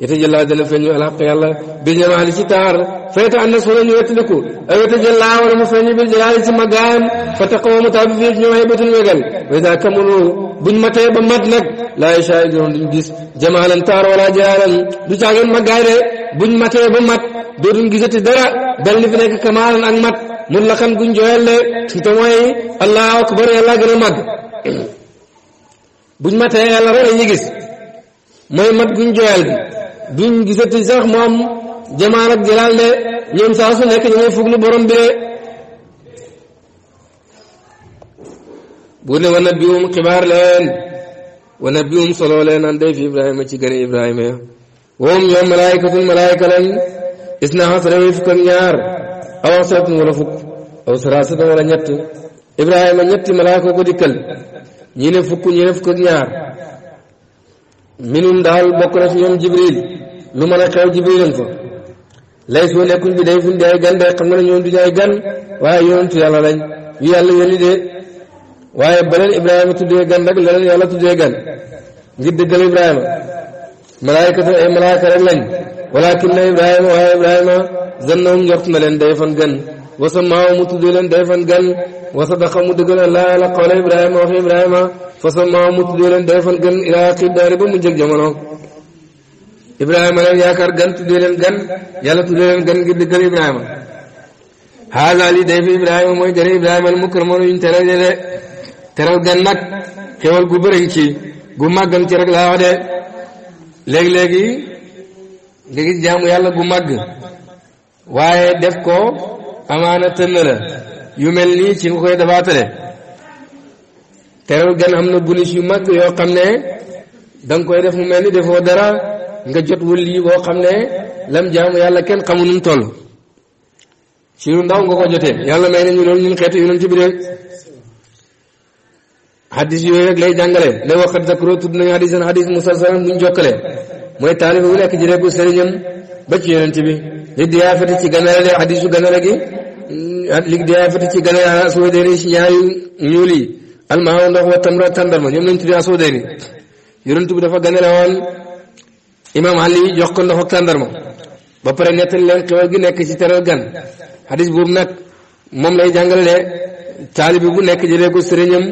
yete jëllaa dana feeñu alxaq yàlla bi jamaali taar fayta an nas wala ñu wettaliku aw yete wala mu feeñu bi jalaali ci fa taqawa mu taabi fii ñoom ay batun wegal wa ida kamulu buñ matee ba mat nag laa yashaa doon duñ gis jamaalan taar wala jalaalan du caageen buñ matee ba mat dootuñ gisati dara bel ni fi nekk kamaalan mat mun la kan guñ jooyal de te mooy allahu akbar yàlla gën a màgg buñ matee yàlla rek la ñu gis mooy mat guñ jooyal bi duñ gisati sax moom jamaan ak de ñoom saa su nekk ñu ngi fuglu borom bi de bu ne wa nabiyum xibaar leen wa nabiyum solo leen an day fi ibrahima ci gën a ibrahima ya woom ñoom malaayikatul malaayika lañ is na xas fukk ak ñaar aw sootin wala fukk aw salaasatan wala ñett Ibrahima ñetti malaaka ko dikkal ñi ne fukk ñi ne fukk ak ñaar bokk na ci ñoom Jibril lu mën a xew Jibrilam fa lay soo nekkuñ bi day fuñ di ay gan day xam nga ne ñoom duñu gan waaye yonentu yàlla lañ yu yàlla yónni de waaye ba leen Ibrahima tuddee gan rek la leen yàlla tuddee gan ngir dëggal Ibrahima malaayikatu ay malaaka rek lañ walakin na ibrahima waaye ibrahima zannahum njort na leen day fan gan wasa maaw mu tuddee leen day fan gan wasa daqa mu dëggal leen day fan gan ilaa aqib daari ba mu jëg jamono ibrahima leen yaakaar gan tuddee leen gan yàlla tuddee leen gan ngir dëggal ibrahima haada li day fi ibrahima mooy jëre ibrahima al mukramoon yuñ teral de teral gan nag xewal gu bëriñ ci gu màggan ci rek laa wax de léegi-léegi nga gis jaamu yàlla gu màgg waaye def ko amaana tënn la yu mel nii ci nga koy dafaatale terewul gan am na bonus yu mag yoo xam ne danga koy def mu mel ni foo dara nga jot wul lii boo xam ne lam jaamu yàlla kenn xamu nu mu toll ci lu ndaw nga ko jotee yàlla may nañu loolu ñun xeetu ci bi rek xaddis yooyu rek lay jàngale lay waxat zakroo tudd nañu xaddis an xaddis musalsalan buñ jokkale mooy taalibe bu nekk jëlee ko sëriñam ba ci yonent bi li diyaafati ci ganale hadisu ganale gi mm, li diyaafati ci ganale ala aswadayni si ñaari ñuul yi almaaw ndox wa ñoom lañ tuddee aswadayni yonent bi dafa ganale woon imaam Ali jox ko ndox ak tàndarma ba pare nettali leen xewal gi nekk ci teral gan hadis boobu nag moom lay jàngale taalibe bu nekk jëlee ko sëriñam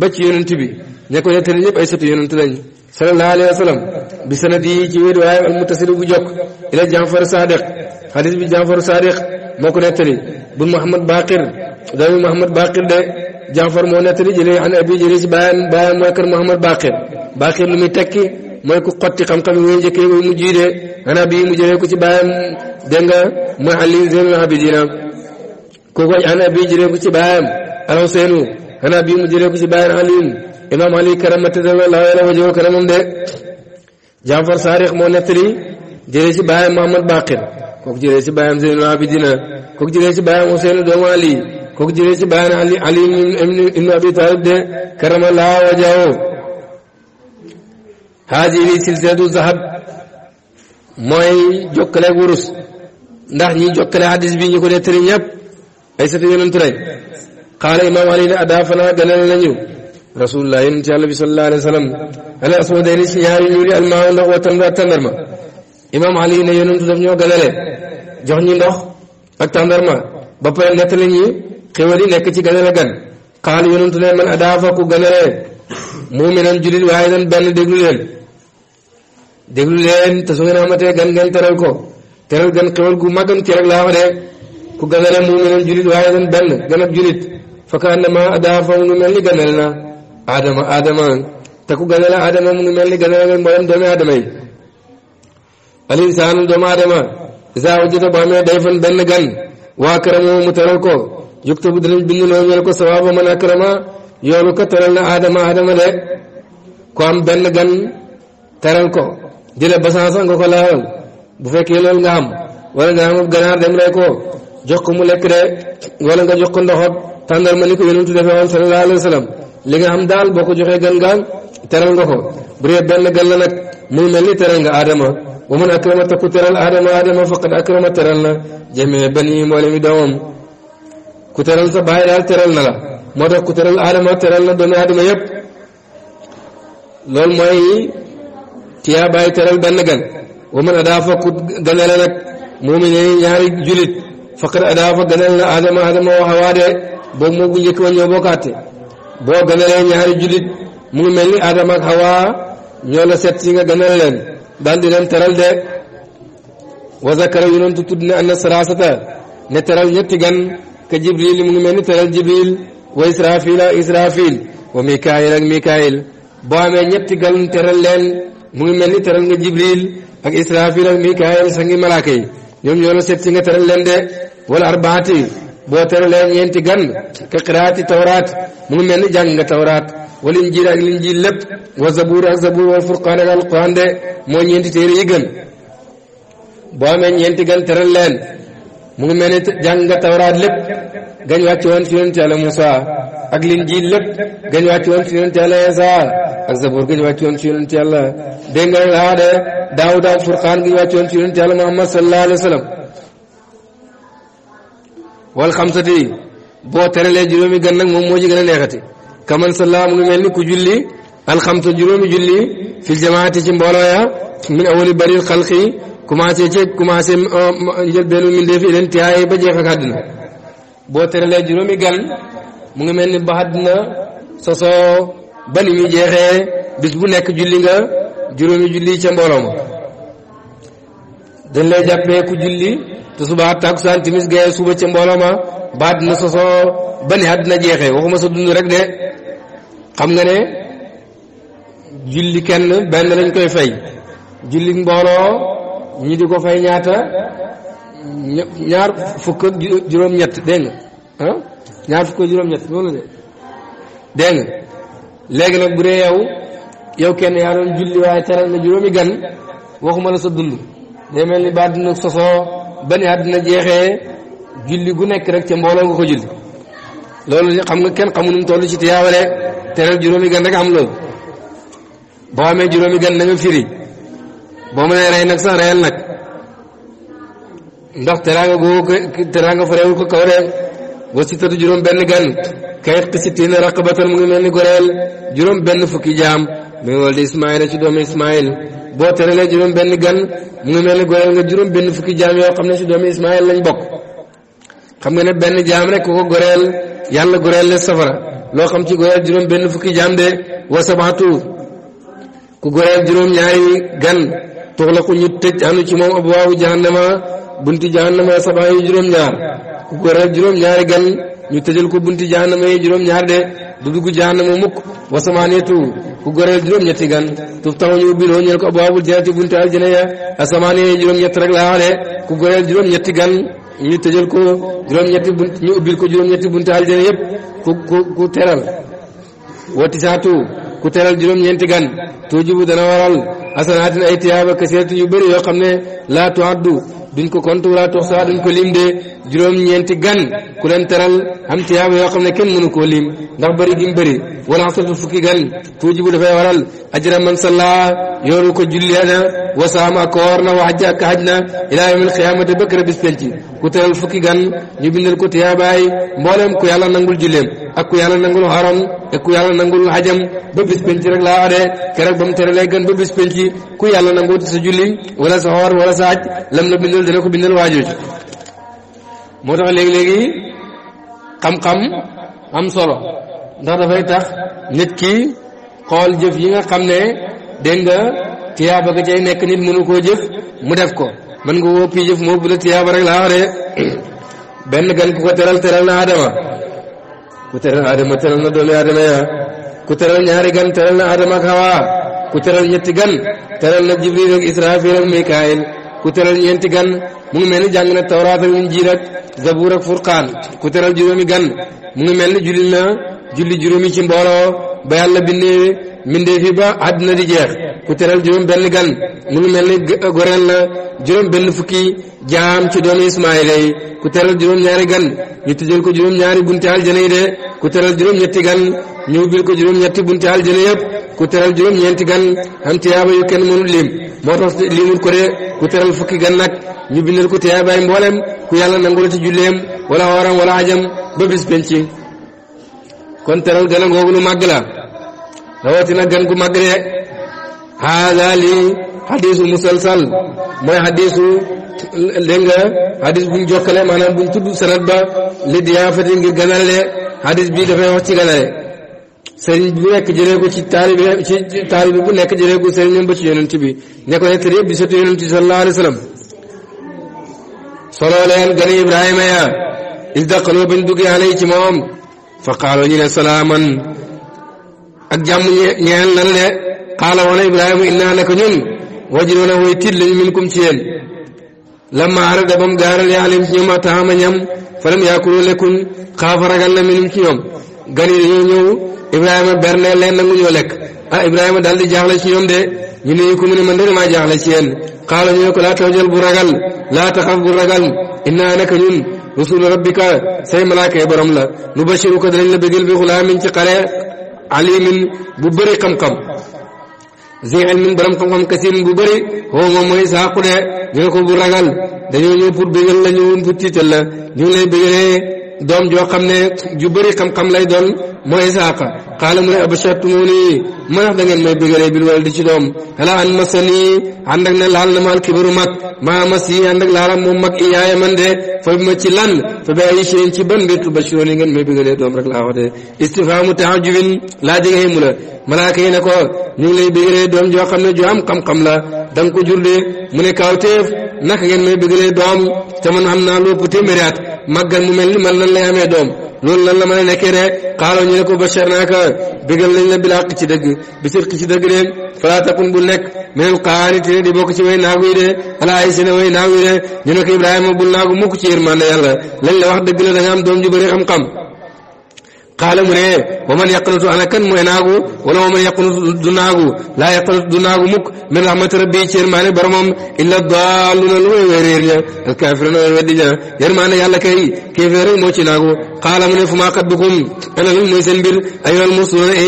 ba ci yonent bi ña ko nettali ñëpp ay sëtu yonent lañu sallallahu alayhi wa sallam bi sanad yi ci wér waaye al muttasil bu jokk ila Jaafar Sadiq xadis bi Jaafar Sadiq moo ko nettali bu Mouhamad Baqir doomi Mouhamad Baqir de Jaafar moo nettali jëlee an abi jëlee ci baayam baayam mooy kër Mouhamad Baqir Baqir lu muy tekki mooy ku xotti xam-xam yi njëkk yi mu mujj de an abi mu jëlee ko ci baayam dégg nga mooy Ali Zeynul Abidina kooku an abi jëlee ko ci baayam al Huseynu an abi mu jëlee ko ci baayam Aliin امام علي كرم تدوي لا يلا وجهه كرم ده جعفر صارخ مو نتري جريس باي محمد باقر كوك جريس باي زين العابدين كوك جريس باي حسين دوم علي كوك جريس باي علي علي ابن ابي طالب ده كرم لا وجهه هذه سلسلة ذهب موي جوكلا غورس ndax ñi jokkale hadis bi ñi ko netri ñep ay sa yonentu lay qala imam ali ada fana rasulullah yonent yàlla bi sallallahu alayhi wa sallam ala aswadayni si ñaari ñuuli almaa ndox wa tamr ak tàndarma imaam ali ne yonentu daf ñoo ganale jox ñi ndox ak tàndarma ba pare nettali ñi xéwal yi nekk ci ganale gan xaal yonentu ne man adaafa ku ganale muuminan julit waaye nan benn déglu leen déglu ko teral gan xéwal gu magam julit waaye nan benn gan mel ni ganale Adama Adama te ku Adama mu ngi mel ni ganale nga mboolem doomi Adama al insaanu doomu Adama saa wujjata boo amee day fan benn gan waa karama mu teral ko yuktabu danañ bind loo ñeel ko sawaaba man akrama yoolu ko teral na Adama Adama de ku am benn gan teral ko di mu lekk de wala nga jox ndoxot tàndar ma ni ko yonentu defee woon sallallahu alayhi wa sallam li nga xam daal boo ko joxee gan nga teral nga ko bu dee benn gan la nag mu mel ni teral nga aadama wa man akrama taku teral aadama aadama faqad akrama teral na jamee ku teral sa baay daal teral na la moo tax ku teral aadama teral na doomi aadama yëpp loolu mooy tiyaa baay teral benn gan wa man adaafa ku gane la nag muumine ñaari julit faqad adaafa ganel na aadama aadama wa boobu moo bu njëkk wa ñoo bokkaate boo gënalee ñaari jullit mu ngi mel ni Adama ak Hawa ñoo la seet si nga gënal leen daal di leen teral de wa zakara yonentu tudd ne anna sarasata ne teral ñetti gan ka Jibril mu ngi mel ni teral Jibril wa Israfil ak Israfil wa Mikaayil ak Mikaayil boo amee ñetti gan teral leen mu ngi mel ni teral nga Jibril ak Israfil ak Mikaayil sangi malaaka yi ñoom ñoo la seet nga teral leen de wala arbaati boo tëralee ñeenti gan ka qiraati tawraat mu ngi mel ni jàng nga tawraat wal injiil ak linjiil lépp wa zabuur ak zabuur wal furqaan ak alquraan de mooy ñeenti téere yi gën boo amee ñeenti gan tëral leen mu ngi mel ni jàng nga tawraat lépp gañ wàcc woon ci yonent yàlla Muusaa ak li linjiil lépp gañ wàcc woon si yonent yàlla Iisaa ak zabuur gañ wàcc woon si yonent yàlla dégg nga laa de daawu daaw furqaan gañ wàcc woon si yonent yàlla Muhammad sallallahu alayhi wa sallam wal xamsati boo lee juróomi gan nag moom moo ci gën a neexati kaman laa mu ngi mel ni ku julli alxamsa juróomi julli fil jamaati ci mbooloo ya min awali commencé ci commencé euh, euh, njëlbeenu min def ileen boo terelee juróomi gan mu ngi mel ni ba àddina sosoo ba ni muy jeexee bis bu nekk julli nga juróomi julli ca mbooloo ma dañ lay jàppee ku julli te suba takkusaan timis gaye suba ca mbooloo ma ba àddina sosoo ba ne àddina jeexee waxuma sa dund rek de xam nga ne julli kenn benn lañ koy fay julli mbooloo ñi di ko fay ñaata ñaar fukk ak juróom-ñett dégg nga ñaar fukk juróom-ñett loolu de dégg nga léegi nag bu dee yow yow kenn yaa doon julli waaye teral na juróomi gan waxuma la sa dund day mel ni ba àddina sosoo ba ni àddina jeexee julli gu nekk rek ca mbooloo nga ko julli loolu xam nga kenn xamu nu mu toll ci tiyaawale teral juróomi gan rek am loolu boo amee juróomi gan na nga boo mënee rey nag sax reyal nag ndax teraanga googu ko teraanga farewul ko kaw de wa si juróom benn gan kayit xisitiina raqabatan mu ngi mel ni goreel juróom benn fukki jaam mi ngi waldi Ismaayil ci doomu Ismaayil boo teralee juróom benn gan mu ngi mel ni goreel nga juróom benn fukki jaam yoo xam ne si doomu Ismaayil lañ bokk xam nga ne benn jaam rek ku ko goreel yàlla goreel la safara loo xam ci goreel juróom benn fukki jaam de wa sabaatu ku goreel juróom ñaari gan tuxlaqu ñu tëj anu ci moom abwaabu jahannama bunti jahannama sabaa yu juróom ñaar ku goreel juróom ñaari gan ñu tëjal ko bunti jahannama yi juróom-ñaar de du dugg jahannama mukk wasamaaniyatu ku goreel juróom-ñetti gan tuf taxu ñu ubbiloo ñeel ko abwaabul jannati bunti aljana ya rek laa wax de ku goreel ñetti gan ñu tëjal ko juróom-ñetti bunt ñu ubbil ko juróom bunti aljana yëpp ku ku ku teral wati saatu ku teral juróom-ñeenti gan tuujibu dana waral asanaatin ay tiyaaba kasiiratu yu bëri yoo xam ne laa tuaddu duñ ko compte wala tuxsa duñ ko lim de juróom-ñeenti gan ku leen teral am tiyaaba yoo xam ne kenn mënu koo lim ndax bëri gi mu bëri wala asratu fukki gan tuuji dafay waral ajra man salla yooru ko julli na wa saama ak koor na wa hajja ak haj na ilaa yawmil qiyaamati bëkk bis penci ku teral fukki gan ñu bindal ko tiyaabaay mboolem ku yàlla nangul julleem ak yalla nangul haram ak yalla nangul hajam ba bis penci rek la ade keroog bam tere lay gën ba bis penci ku yàlla nanguwut sa julli wala sa hor wala sa aj lam la bindul dina ko bindal waajooc moo tax leg legi xam-xam am solo ndax da fay tax nit ki xol jëf yi nga xam ne dégg nga tiyaaba ga cay nekk nit mënu koo jëf mu def ko mën nga woo pii jëf moo bu la tiyaaba rek laa ade benn gan ku ko teral teral na adama ku teral Adama teral na doomi Adama ya ku teral ñaari gan teral na Adama ak Hawa ku teral ñetti gan teral na Jibril ak Israfil ak Mikail ku teral ñeenti gan mu ngi mel ni jàng na Tawraat ak Injiil ak Zabuur ak Furqaan ku teral juróomi gan mu ngi mel ni julli na julli juróomi ci mbooloo ba yàlla mbindéef yi ba àddina di jeex ku teral juróom benn gan mu ngi mel ni goreel la juróom benn fukki jaam ci doomu Ismaayila yi ku teral juróom ñaari gan ñu tëjal ko juróom ñaari bunti aljana yi de ku teral juróom ñetti gan ñu ubbil ko juróom ñetti bunti aljana yëpp ku teral juróom ñeenti gan am tiyaaba yu kenn mënul lim moo tax limul ko de ku teral fukki gan nag ñu bindal ko tiyaabaay mboolem ku yàlla nangu la ci julleem wala waram wala ajam ba bis kon teral gana màgg la rawatina gan gu mag rek haada lii hadisu musalsal mooy hadisu dégg nga hadis buñ jokkale maanaam buñ tudd sanad ba li diyaafati ngir ganale hadis bii dafay wax ci ganale sëriñ bu nekk jëlee ko ci taalibe ci taalibe bu nekk jëlee ko sëriñam ba ci yonent bi ne ko nettali yëpp di sotti yonent bi sallallahu alayhi wa sallam solo leen gani Ibrahima ya il daqaloo bañ duggee ci moom fa qaaloo ñu ne salaaman ak jàmm ñeel nan ne xaala wax na ibrahima innaa naka ñun wajinoona way tiit lañu min kum ci yéen lamma arada bam gaaral yaalim ci ñoom a taxama ñam falam yaakulu lekkuñ xaafa ragal na minum ci ñoom gan yi dañoo ñëw ibrahima berne leen nangu ñoo lekk ah ibrahima daal di jaaxle ci ñoom de ñu ne ko mu ne man de damaa jaaxle ci yéen xaala ñu ne ko laa tawjal bu ragal laa taxaf bu ragal innaa naka ñun rasul rabbika say malaaka borom la nu bashiruka danañ la bégal bi xulaamin ci xale alimin bu bëri xam-xam zi ilmin borom xam-xam kasirin bu bëri xoo moom mooy saaqu de ñu ne ko bu ragal dañoo ñëw pour bégal la ñu wun pour tiital ñu ngi lay doom joo xam ne ju bëri xam-xam lay doon mooy Isaaqa xaala mu ne abashartumuuni ma ndax ah, da ngeen may bëggalee bil waladi ci doom ala an masanii ànd ak ne laal na ma alkibaru mag maa masi ànd ak laalam moom mag iyaaya man de fa bi ma ci lan fa bi ay shay'in ci ban mbir tubashiruuni ngeen may bëggalee doom rek laa wax de istifhaamu taajubin laa jege mu la malaaka yi ne ko ñu ngi lay bëggalee doom joo xam ne ju am xam-xam la da nga ko jur de mu ne kaawteef naka ngeen may bëggalee doom te man am naa lu ëpp téeméeri màggat mu mel ni man lan lay amee doom loolu lan la mën a nekkee ne xaaloo ñu ne ko bashar naaka bégal lañ la bilàq ci dëgg bi sirqi ci dëgg de falaa takun bul nekk minel qaanitiin di bokk ci way naagu yi de alaa ay sina way naagu yi de ñu ne ko Ibrahima bul naagu mukk ci yërmande yàlla lañ la wax dëgg la da am doom ju bëri xam-xam xaala mu ne wa man yaqanatu ana kan mooy naagu wala wa man yaqanatu du naagu laa yaqanatu du naagu mukk min rahmati rabbi ci yërmaane boromam illa daaluna lu way way réer ña alkaafiruna way weddi ña yërmaane yàlla kay kéeféer rek moo ci naagu xaala mu ne fu maa xatbukum ana lan mooy seen mbir ayyuhal mursaluun ay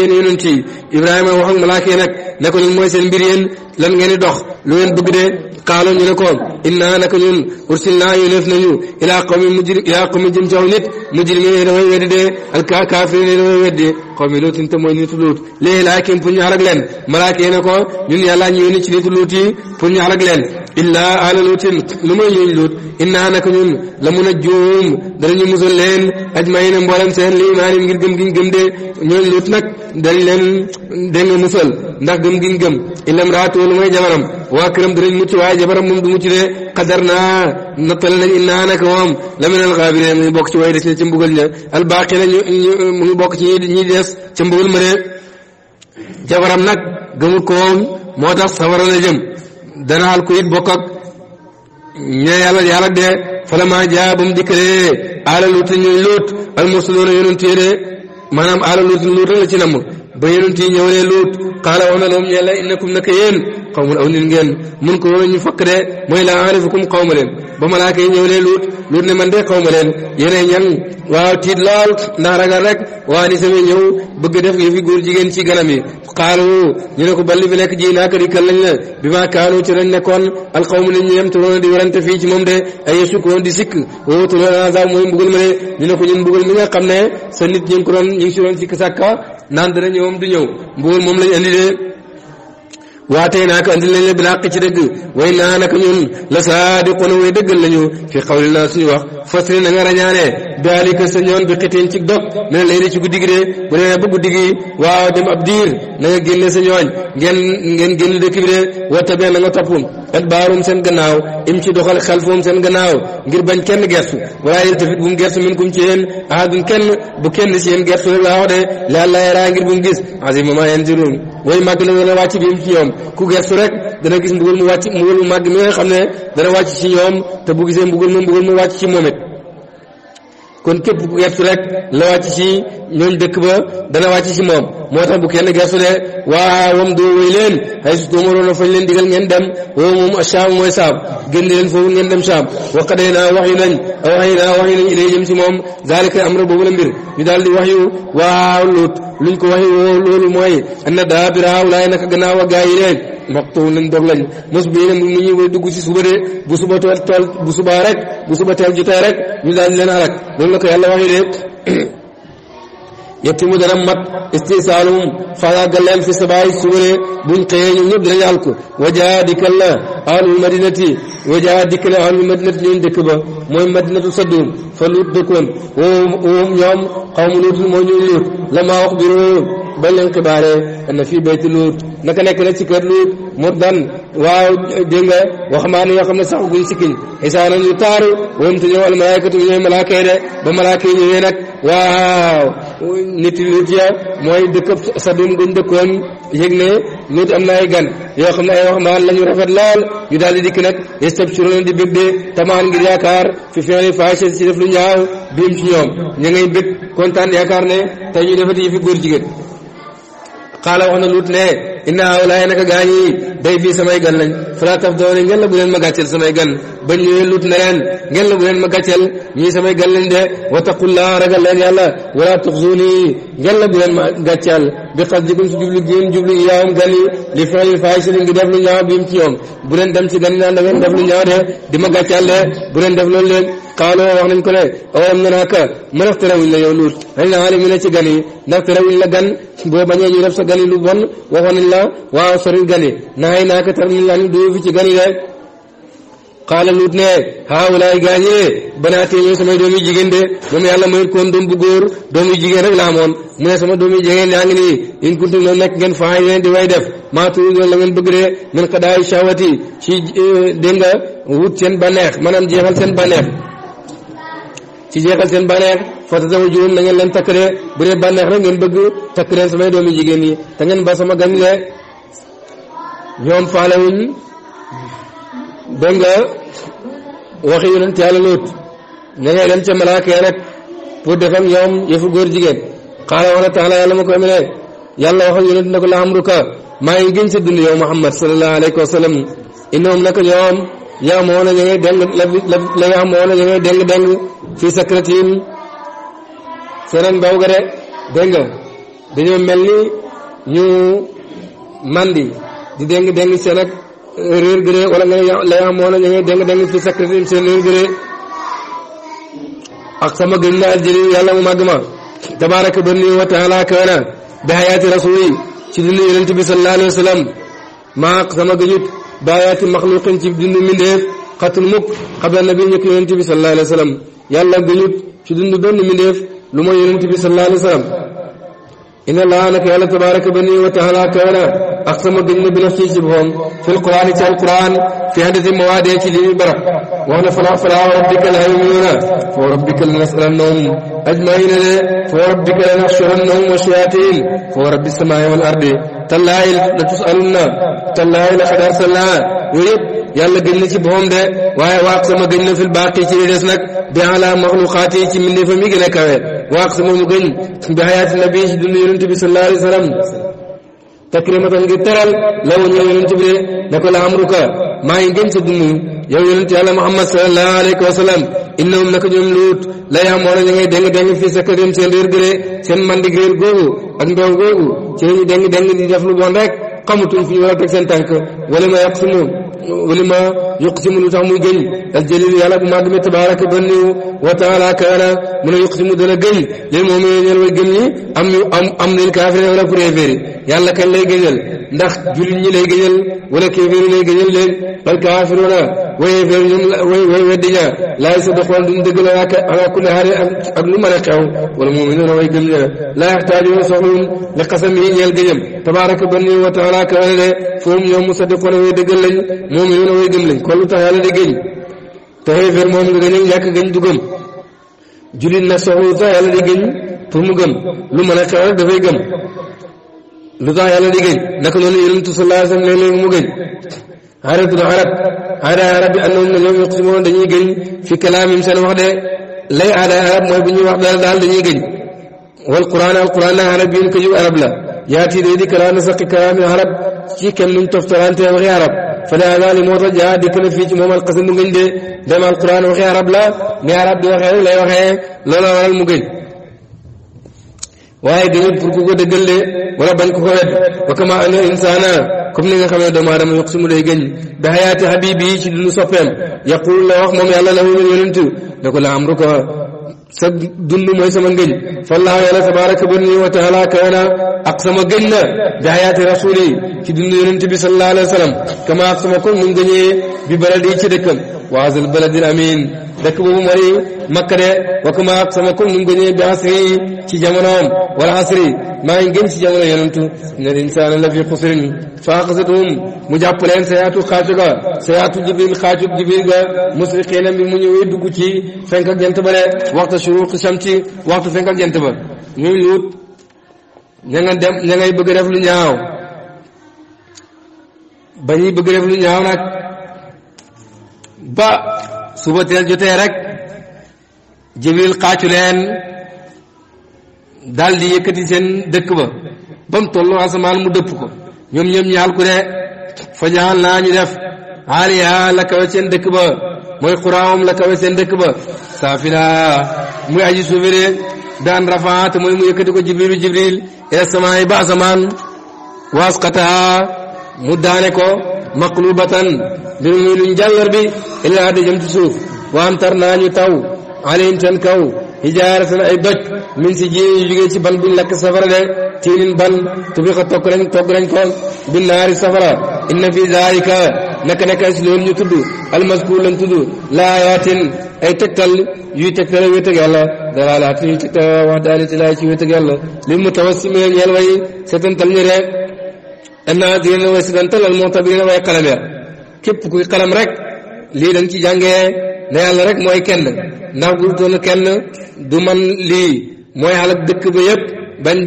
yéen yonent yi Ibrahima wax ak malaaka yi nag ne ko ñun mooy seen mbir yéen lan ngeen di dox lu ngeen bëgg de xaalo ñu ne ko inna naka ñun ursilnaa yónneef nañu ilaa qawmi mujrim ilaa qawmi jëm ci aw nit mujrimiin dafay weddi de alka kaafiriin dafay weddi qawmi luutin te mooy nitu luut léegi laa kim pour ñu xalag leen malaaka yi ne ko ñun yàlla ñu yónni ci nitu luut yi pour ñu xalag leen illaa ala luutin lu may ñooñ luut inna naka ñun la mun a juum danañu musal leen ajmaina mboolem seen li imaanim ngir gëm gëm de ñooñ luut nag dañ leen dañ leen musal ndax gëm giñ gëm ilam raatu lu may jabaram waa këram dinañ mucc waaye jabaram moom du mucc de xadar naa nattal nañ innaa naka moom la minal xaabireen mu ngi bokk ci way des ne ci mbugal ña ñu mu ci ñi ma de jabaram nag gëmul ko moo tax sawara la jëm dana al ko it bokk ak ñe de fala maa jaa ba mu dikkalee ala luut ñuy luut al mursaluuna yonent de maanaam àll luutin luuta la ci namul ba yonent yi ñëw ne luut xaala wax na loom ñeel innakum naka yéen xawmun aw nit mun ko woon ñu fakk de mooy laa aarifukum xaw ma leen ba malaaka yi ñëw ne luut luut ne man de xaw ma leen yéenay ñan waaw tiit lool ndax ragal rek waa ni samay ñëw bëgg def yëfi góor jigéen ci ganam yi xaalu ñu ko balli fi nekk ji naaka dikkal lañ la bi maa kaanu ci lañ nekkoon alxawmu nit ñi yem turoona di warante fii ci moom de ay yesu ko woon di sikk woo turoona azab nga xam ne sa nit ñi ngi ko doon ñu ngi naan dana ñëwam du ñëw mbugal moom lañ andi de waatee naa ko andil nañ la bilàq ci dëgg way naa naka ñun la saadiquna way dëggal nañu fi xawli naa suñu wax fasri na nga rañaanee daalika sa ñoon bi xitiin ci dog mene lay di ci guddi gi de bu demee ba guddi waaw dem ab diir na nga génne sa ñooñ ngen ngeen génn dëkk bi de wata bee na nga topp at baarum seen gannaaw im ci doxal xalfoom seen gannaaw ngir bañ kenn gertu wala yeltafit bu mu gertu min kum ci yéen ahadun kenn bu kenn si yéen gertu rek laa wax de laa laa yaraa ngir bu mu gis way màgg la dana wàcc biim ci ñoom ku gertu rek dana gis mbugal mu wàcc mbugal mu màgg mi nga xam ne dana wàcc ci ñoom te bu gisee mbugal mu mbugal mu wàcc ci moom kon képp ku gertu rek la wàcc ci ñooñ dëkk ba dana wàcc ci moom moo tax bu kenn gestu de waa wam doo wéy leen xay su tuumaroon fañ leen digal ngeen dem woo moom Saam mooy Saam génn leen foofu ngeen dem Saam waqadee naa wax yu nañ waxyi naa wax yu nañ ilay jëm ci moom zalika amra boobu la mbir ñu daal di wax yu waa Luut luñ ko wax yu woo loolu mooy anna daabira hawlaay naka gannaaw a gaay yi leen maqtu lañ dog lañ mos bii nag mu ñuy way dugg ci suba de bu suba tool bu suba rek bu suba teel jotee rek la ko yàlla wax de يتم درمت استئصالهم فلا قلل في سبع السور بن قيل نبر يالكو وجادك الله آل المدينة وجادك الله آل المدينة عندك با مهم مدينة صدوم فلوت دكون وهم يوم قوم لوت المؤمنين لما أخبروا ba leen xibaaree na fii bayti luut naka nekk na ci kër luut mu dan waaw dégg nga waxambaane yoo xam ne sax guy sikkiñ isaanan yu taaru wam te ñëw al malaayikatu ñooy malaaka yi de ba malaaka yi ñëwee nag waaw nit luut ya mooy dëkk sadum guñ dëkkoon yëg ne luut am na ay gan yoo xam ne ay waxambaane la ñu rafet lool ñu daal di dikk nag yastabshiruuna di bég de tamaan ngir yaakaar fi fi'li fahisha si def lu ñaaw biim ci ñoom ña ngay bég kontaan yaakaar ne tey കാല ഒന്ന് ലൂട്ടിനെ ഇന്ന ആവലായനൊക്കെ Ghani day fii samay gan lañ fala taf doone ngeen la bu leen ma gàcceel samay gan bañ ñëwee lut ne leen ngeen la bu leen ma gàcceel ñii samay gan lañ de wa taqullaa ragal leen yàlla wala tuxzuni ngeen la bu leen ma gàcceel bi qasdikum si jublu ngeen jublu iyaawum gan yi li fi'lil faahish ngi def lu ñaaw biim ci ñoom bu leen dem ci gan yi naan da ngeen de di ma gàcceel de bu leen def loolu leen xaaloo wax nañ ko ne awalam na naaka mënax terawuñ la yow luut dañ la xaali mi ne ci gan yi ndax terawuñ la gan boo bañee ñu def sa gan yi lu bon ay naaka tar nañ laa ñu dóoyu fi ci gani de xaala luut ne haawulaay gaañee banaatee ñooy samay doom jigéen de moom yàlla mayut koon doom bu góor doom yu jigéen rek laa moon mu ne sama doom yu jigéen yaa ngi nii in kuntum la nekk ngeen faay leen di way def maa tuudoon la ngeen bëgg de min xadaay shawati ci eh, dégg nga wut seen bànneex maanaam jeexal seen bànneex ci jeexal seen bànneex fatatawu juróom na ngeen leen takk de bu dee bànneex rek ngeen bëgg takk leen samay doom yu jigéen yi te ngeen ba sama gan de ñoom faale wuñ dégg nga waxi yonent yàlla lóot nañoo dem ca malaaka rek pour defam ñoom yëfu góor jigéen xaala wala taala yàlla ma ko amee yàlla wax ak yonent ne la amruka maa ngi gën sa dund yow Muhammad sallallahu alayhi wa sallam innoom naka ñoom yaa moo na ña ngay deng la yaa moo na ña ngay deng deng fii sakratim seneen mbaw ga de dégg nga mel ni ñu mandi di déng déng seen ak réer gré wala ngay layam wala ña ngay déng déng fi sacrifice seen réer gré ak sama gën na aljëri mu màgg ma tabaraka banni wa taala kaana bi hayaati rasuli ci dund yonent bi sallallahu alayhi wa sallam maa ak sama gëjut bi hayaati ci dund mindeef xatul mukk xabla nabi njëkk yonent bi sallallahu alayhi wa sallam gëjut ci dund benn mindeef lu mooy yonent bi sallallahu alayhi wa إن الله لك يا الله تبارك بني وتعالى كونا أقسم بالله بنفسي جبهم في القرآن تعالى القرآن في هذه المواد يأتي لي برا وأنا فلا فلا وربك لا يؤمنون فوربك لنسألنهم أجمعين لي فوربك لنحشرنهم وشياطين فورب السماء والأرض تالله لتسألن تالله لحد أرسلنا ويب yàlla gën na ci boom واقسم waaye في الباقي gën na fil baaqi ci des nag bi wax sama mu gën bi xayaati nabi ci dund yonent bi sallallahu alayhi wa sallam takrimatan ngir teral law ñëw yonent bi ne da ko la amruka maa ngi gën sa dund yow yonent yàlla muhammad sallallahu alayhi wa sallam innahum naka ñoom luut la yaamoona ña ngay deng deng fii sa këram seen réer gëree seen mandig réer googu ak ndox googu ci la ñu deng deng di def lu bon rek xamutuñ fi ñu war a teg seen tànk wala ma yaqsimuun ولما يقسم لتهم يجي الجليل يلا بما دم تبارك بني وتعالى كان من يقسم دلجي للمؤمنين يلوي جمي أم أم أم للكافر ولا كريفير يلا كان لي جيل ndax jullit ñi lay gëñal wala kéeféer yi lay gëñal leen bal kaafiruna waye féer ñoom way way weddi ña laay sa doxoon duñ dëgg la ak ala kulli xaari ak lu mën a xew wala muminuna way gëm ña laa yaxtaajoo soxlum li xasam yi ñeel gëñam tabaraka banni wa taala ka wala de foom ñoom musadiqoona way dëggal lañ moom ñu ne way gëm lañ kon lu tax yàlla de gëñ te xéeféer moom lu gëñ ñàkk gëñ du gëm jullit nag lu tax yàlla de gëñ pour mu gëm lu mën a xew rek dafay gëm lu tax yàlla di gëñ naka noonu yonent sallallahu alayhi wa sallam léeg mu gëñ aratul arab aada arab bi andoon na ñoom yoqsimoon dañuy gëñ fi kalaamim seen wax de lay aada arab mooy bu ñuy wax daal dañuy gëñ wal quran al quran naa arab arab la yaati day di kalaa saqi kalaami arab ci kenn fala daali moo tax jaa dikk na fii moom alqasam mu ngëñ de dem alquran waxee arab la ni arab di waxee lay waxee loola waral mu ngëñ waaye gëñul pour ku ko dëggal wala bañ ko wedd wa kama anna insana comme ni nga xam ne doomu aadama yoq su mu day gëñ bi hayaati habibi ci dundu soppeem yaqul la wax moom yàlla lahu min yonent ne ko la amruka sa dund mooy sama ngëñ fa allah yàlla tabaraka wa taala kaana aqsama gëñ na bi hayaati rasuli ci dund yonent bi sallallahu alayhi wa sallam kama aqsama kon mu ngëñee bi baladi ci dëkkam wa hazal baladil amin dëkk boobu mooy Makka de wa kama aqsamakum nu mu bi asri ci jamonoom wala asri maa ngi gën ci jamono yonentu ne l'insaana la fi xusrin fa axasathum mu jàpp leen sayaatu xaacu ga sayaatu jibril xaacu jibril ga musriqiina bi mu ñëwee dugg ci fenk ak jant ba de waxtu shuruqi shamsi waxtu fenk ak jant ba ñuy luut ña nga dem ña ngay bëgg def lu ñaaw ba ñuy bëgg def lu ñaaw nag ba suba teel jotee rek jibril xaacu leen daal yëkkati seen dëkk ba ba mu asamaan mu dëpp ko ñoom ñoom ñaal ku ne fa jaal def aaliha la kawe seen dëkk ba mooy xuraawam la kawe seen dëkk ba saafila muy aji suufere daan rafa te mooy mu yëkkati ko jibrilu jibril e samaay ba asamaan waasqataha mu daane ko maqlubatan mbir mi luñ jàllar bi ilaa da jëm ci suuf wa amtar naa ñu taw alayhim seen kaw hijaaratan ay doj min si ji yu jógee ci ban buñ lakk safara ci tiinin ban tubiqa tokk nañ togg nañ ko bi naari safara inna fi zaalika naka naka si loolu ñu tudd almaskuur lañ tudd laayaatin ay tegtal yuy tegtal a wéeteg yàlla dalaalaatin yuy tegtal wax daal ci laay ci wéeteg yàlla li mu tawassime ñeel way rek naa dina la wasilantal al mu'tabirina way xalam ya képp kuy xalam rek lii dañ ci jàngee ne yàlla rek mooy kenn ndax bu kenn du man lii mooy xalak dëkk ba yëpp bañ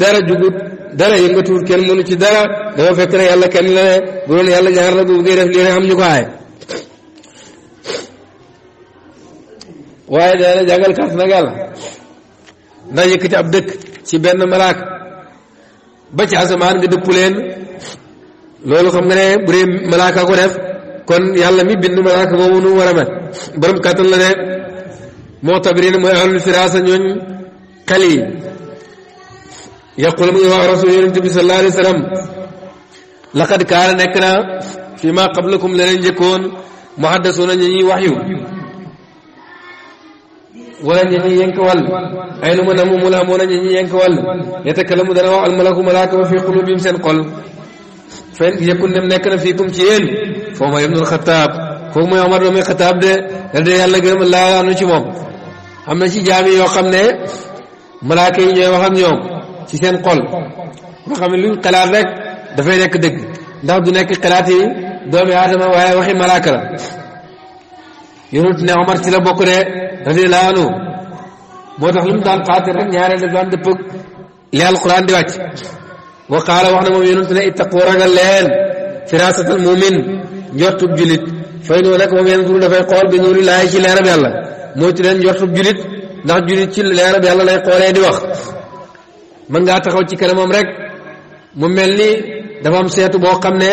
dara jugut dara yëngatuwul kenn mënu ci dara dafa fekk ne yàlla kenn la ne bu doon yàlla ñaar la bu bëggee def lii ne am ñu ko aay waaye dana jàngal kàttan ak yàlla ndax yëkkati ab dëkk ci benn malaak ba ci asamaan nga dëpp leen loolu xam nga ne bu malaaka ko def kon yàlla mi bind malaaka boobu nu war a mel borom kàttan la de moo tabirin mooy ahlul firaasa ñooñ xel yi yaqul mu wax rasul yonente bi sallallahu alayhi wa kaana nekk na fi ma qablakum leneen njëkkoon muhaddasuuna ñu ñuy wax yu ولا نيني ينكوال أين من أمو ملا مولا نيني ينكوال يتكلم دنا الملك ملاك في قلوبهم سن قل فإن يكون نم نكن فيكم تيين فما يمن الخطاب فما عمر رمي خطاب ده هذا يلا قرم الله عنه شمام am na ci jaami yoo xam ne malaaka yi ñooy wax ak ñoom ci seen xol nga xam ne luñ xalaat rek dafay nekk dëgg ndax du nekk xalaat yi doomi aadama waaye waxi malaaka la yonut ne Omar ci la bokk de radiyallaahu anhu moo tax lu mu daan xaatir rek ñaareel daf daan dëppëg li alquran di wàcc wa qaala wax na moom yonent ne ittaqu ragal leen firaasatal mumin njortub julit fay noo nekk moom yonent dafay xool bi nuuri laay ci leerab yàlla moytu leen njortub julit ndax julit ci leerab yàlla lay xoolee di wax mën ngaa taxaw ci kanamam rek mu mel ni dafa am seetu boo xam ne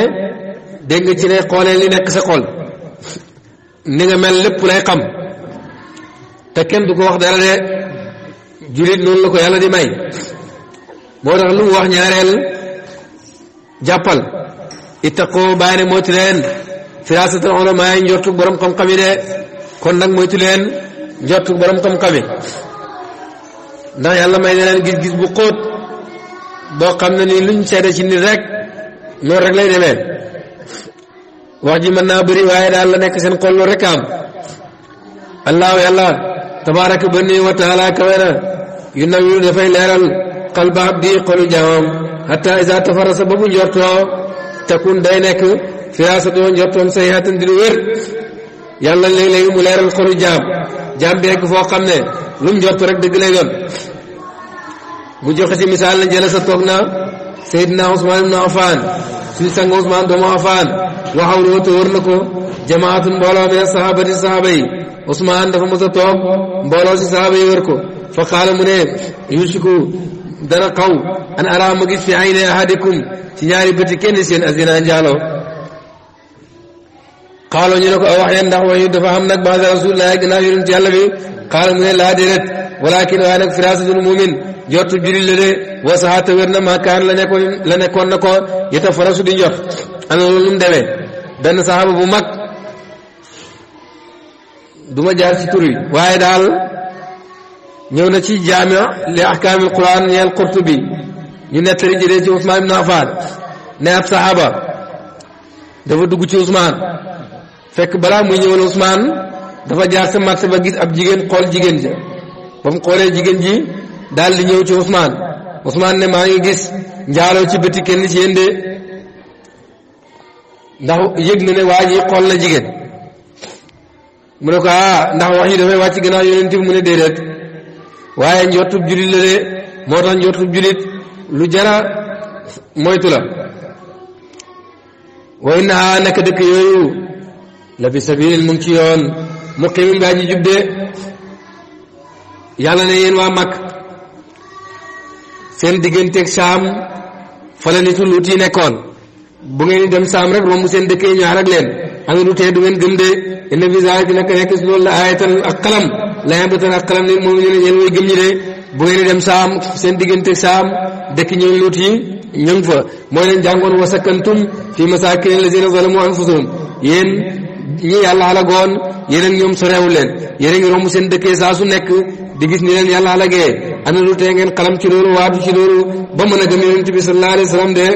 dégg nga ci lay xoolee li nekk sa xol ni nga mel lépp lay xam te kenn du ko wax dara de jullit noonu la ko yàlla di may moo tax lu mu wax ñaareel jàppal ittaqoo bàyyi ne moytu leen firaasatal ulamaa yi njortu borom xam-xam yi de kon nag moytu leen njortu borom xam-xam yi ndax yàlla may na leen gis-gis bu xóot boo xam ne nii luñ seede ci nit rek loolu rek lay demee wax ji mën naa bari waaye daal la nekk seen xol loolu rek am allahu yàlla تبارك بني وتعالى كمان ينبيو دفعي ليرال قلب عبدي قول جاوام حتى إذا تفرس ببو جرتوا تكون دينك فراسة دون جرتوا سيحات دلوير يالله اللي لئي ملير القول جام جام بيك فوقم نه لم جرتوا رك دقل ايضا مجو خسي مثال جلسة توقنا سيدنا عثمان بن عفان suñu sang Ousmane doomu Affan waxaw loo te wër na ko jamaatun mbooloo mee a toog mbooloo si saxaaba fa xaala mu ne yusiku an ara gis fi ayni ahadikum ci ñaari bëti kenn seen azina njaaloo xaaloo ñu ne ko a waxee ndax waxyu dafa am nag baada rasulillah gannaaw yonent yàlla bi xaala mu laa déedéet walakin waaye nag firaasatul mumin njortu jullit la de wasaxaata wér na maakaan la nekkoon la nekkoon na ko yita farasu di njort ana loolu mu deme benn saxaaba bu mag duma jaar ci tur waaye daal ñëw na ci jaamia li ahkaamil quran ñeel qurtubi ñu nettali jëlee ci Ousmane ibn Affan ne ab saxaaba dafa dugg ci Ousmane fekk balaa muy ñëwal Ousmane dafa jaar sa marché ba gis ab jigéen xool jigéen ja ba xoolee jigéen ji daal di ñëw ci Ousmane Ousmane ne maa ngi gis njaaloo ci bëti kenn ci yéen ndax yëg na ne waa ji xool na jigéen mu ne ko ah wax yi dafay wàcc gannaaw déedéet waaye njottub julit la de moo tax njottub julit lu jara moytu la way naa naka dëkk yooyu la bi ci yoon muqimin daa ji jub de yàlla ne yéen waa Makka seen digganteeg saam fala nitu luut yi nekkoon bu ngeen di dem saam rek romb seen dëkk yi ñaar ak leen ana lu tee du ngeen gëm de inna fi zaalika naka nekk si loolu la aayatan ak xalam la yabatan ak xalam ni moom ñu ne ñeen way gëm ñi de bu ngeen di dem saam seen digganteeg saam dëkk ñoom luut yi ñu ngi fa mooy leen jàngoon wasakantum fi masaakin lazina zalamu anfusahum yéen ñi yàlla halagoon yéen ak ñoom soreewu leen yéen a ngi romb seen dëkkee saa su nekk di gis ni leen yàlla halagee ana lu tee ngeen xalam ci loolu waatu ci loolu ba mën a gëm yonent bi sallallahu alayhi wa de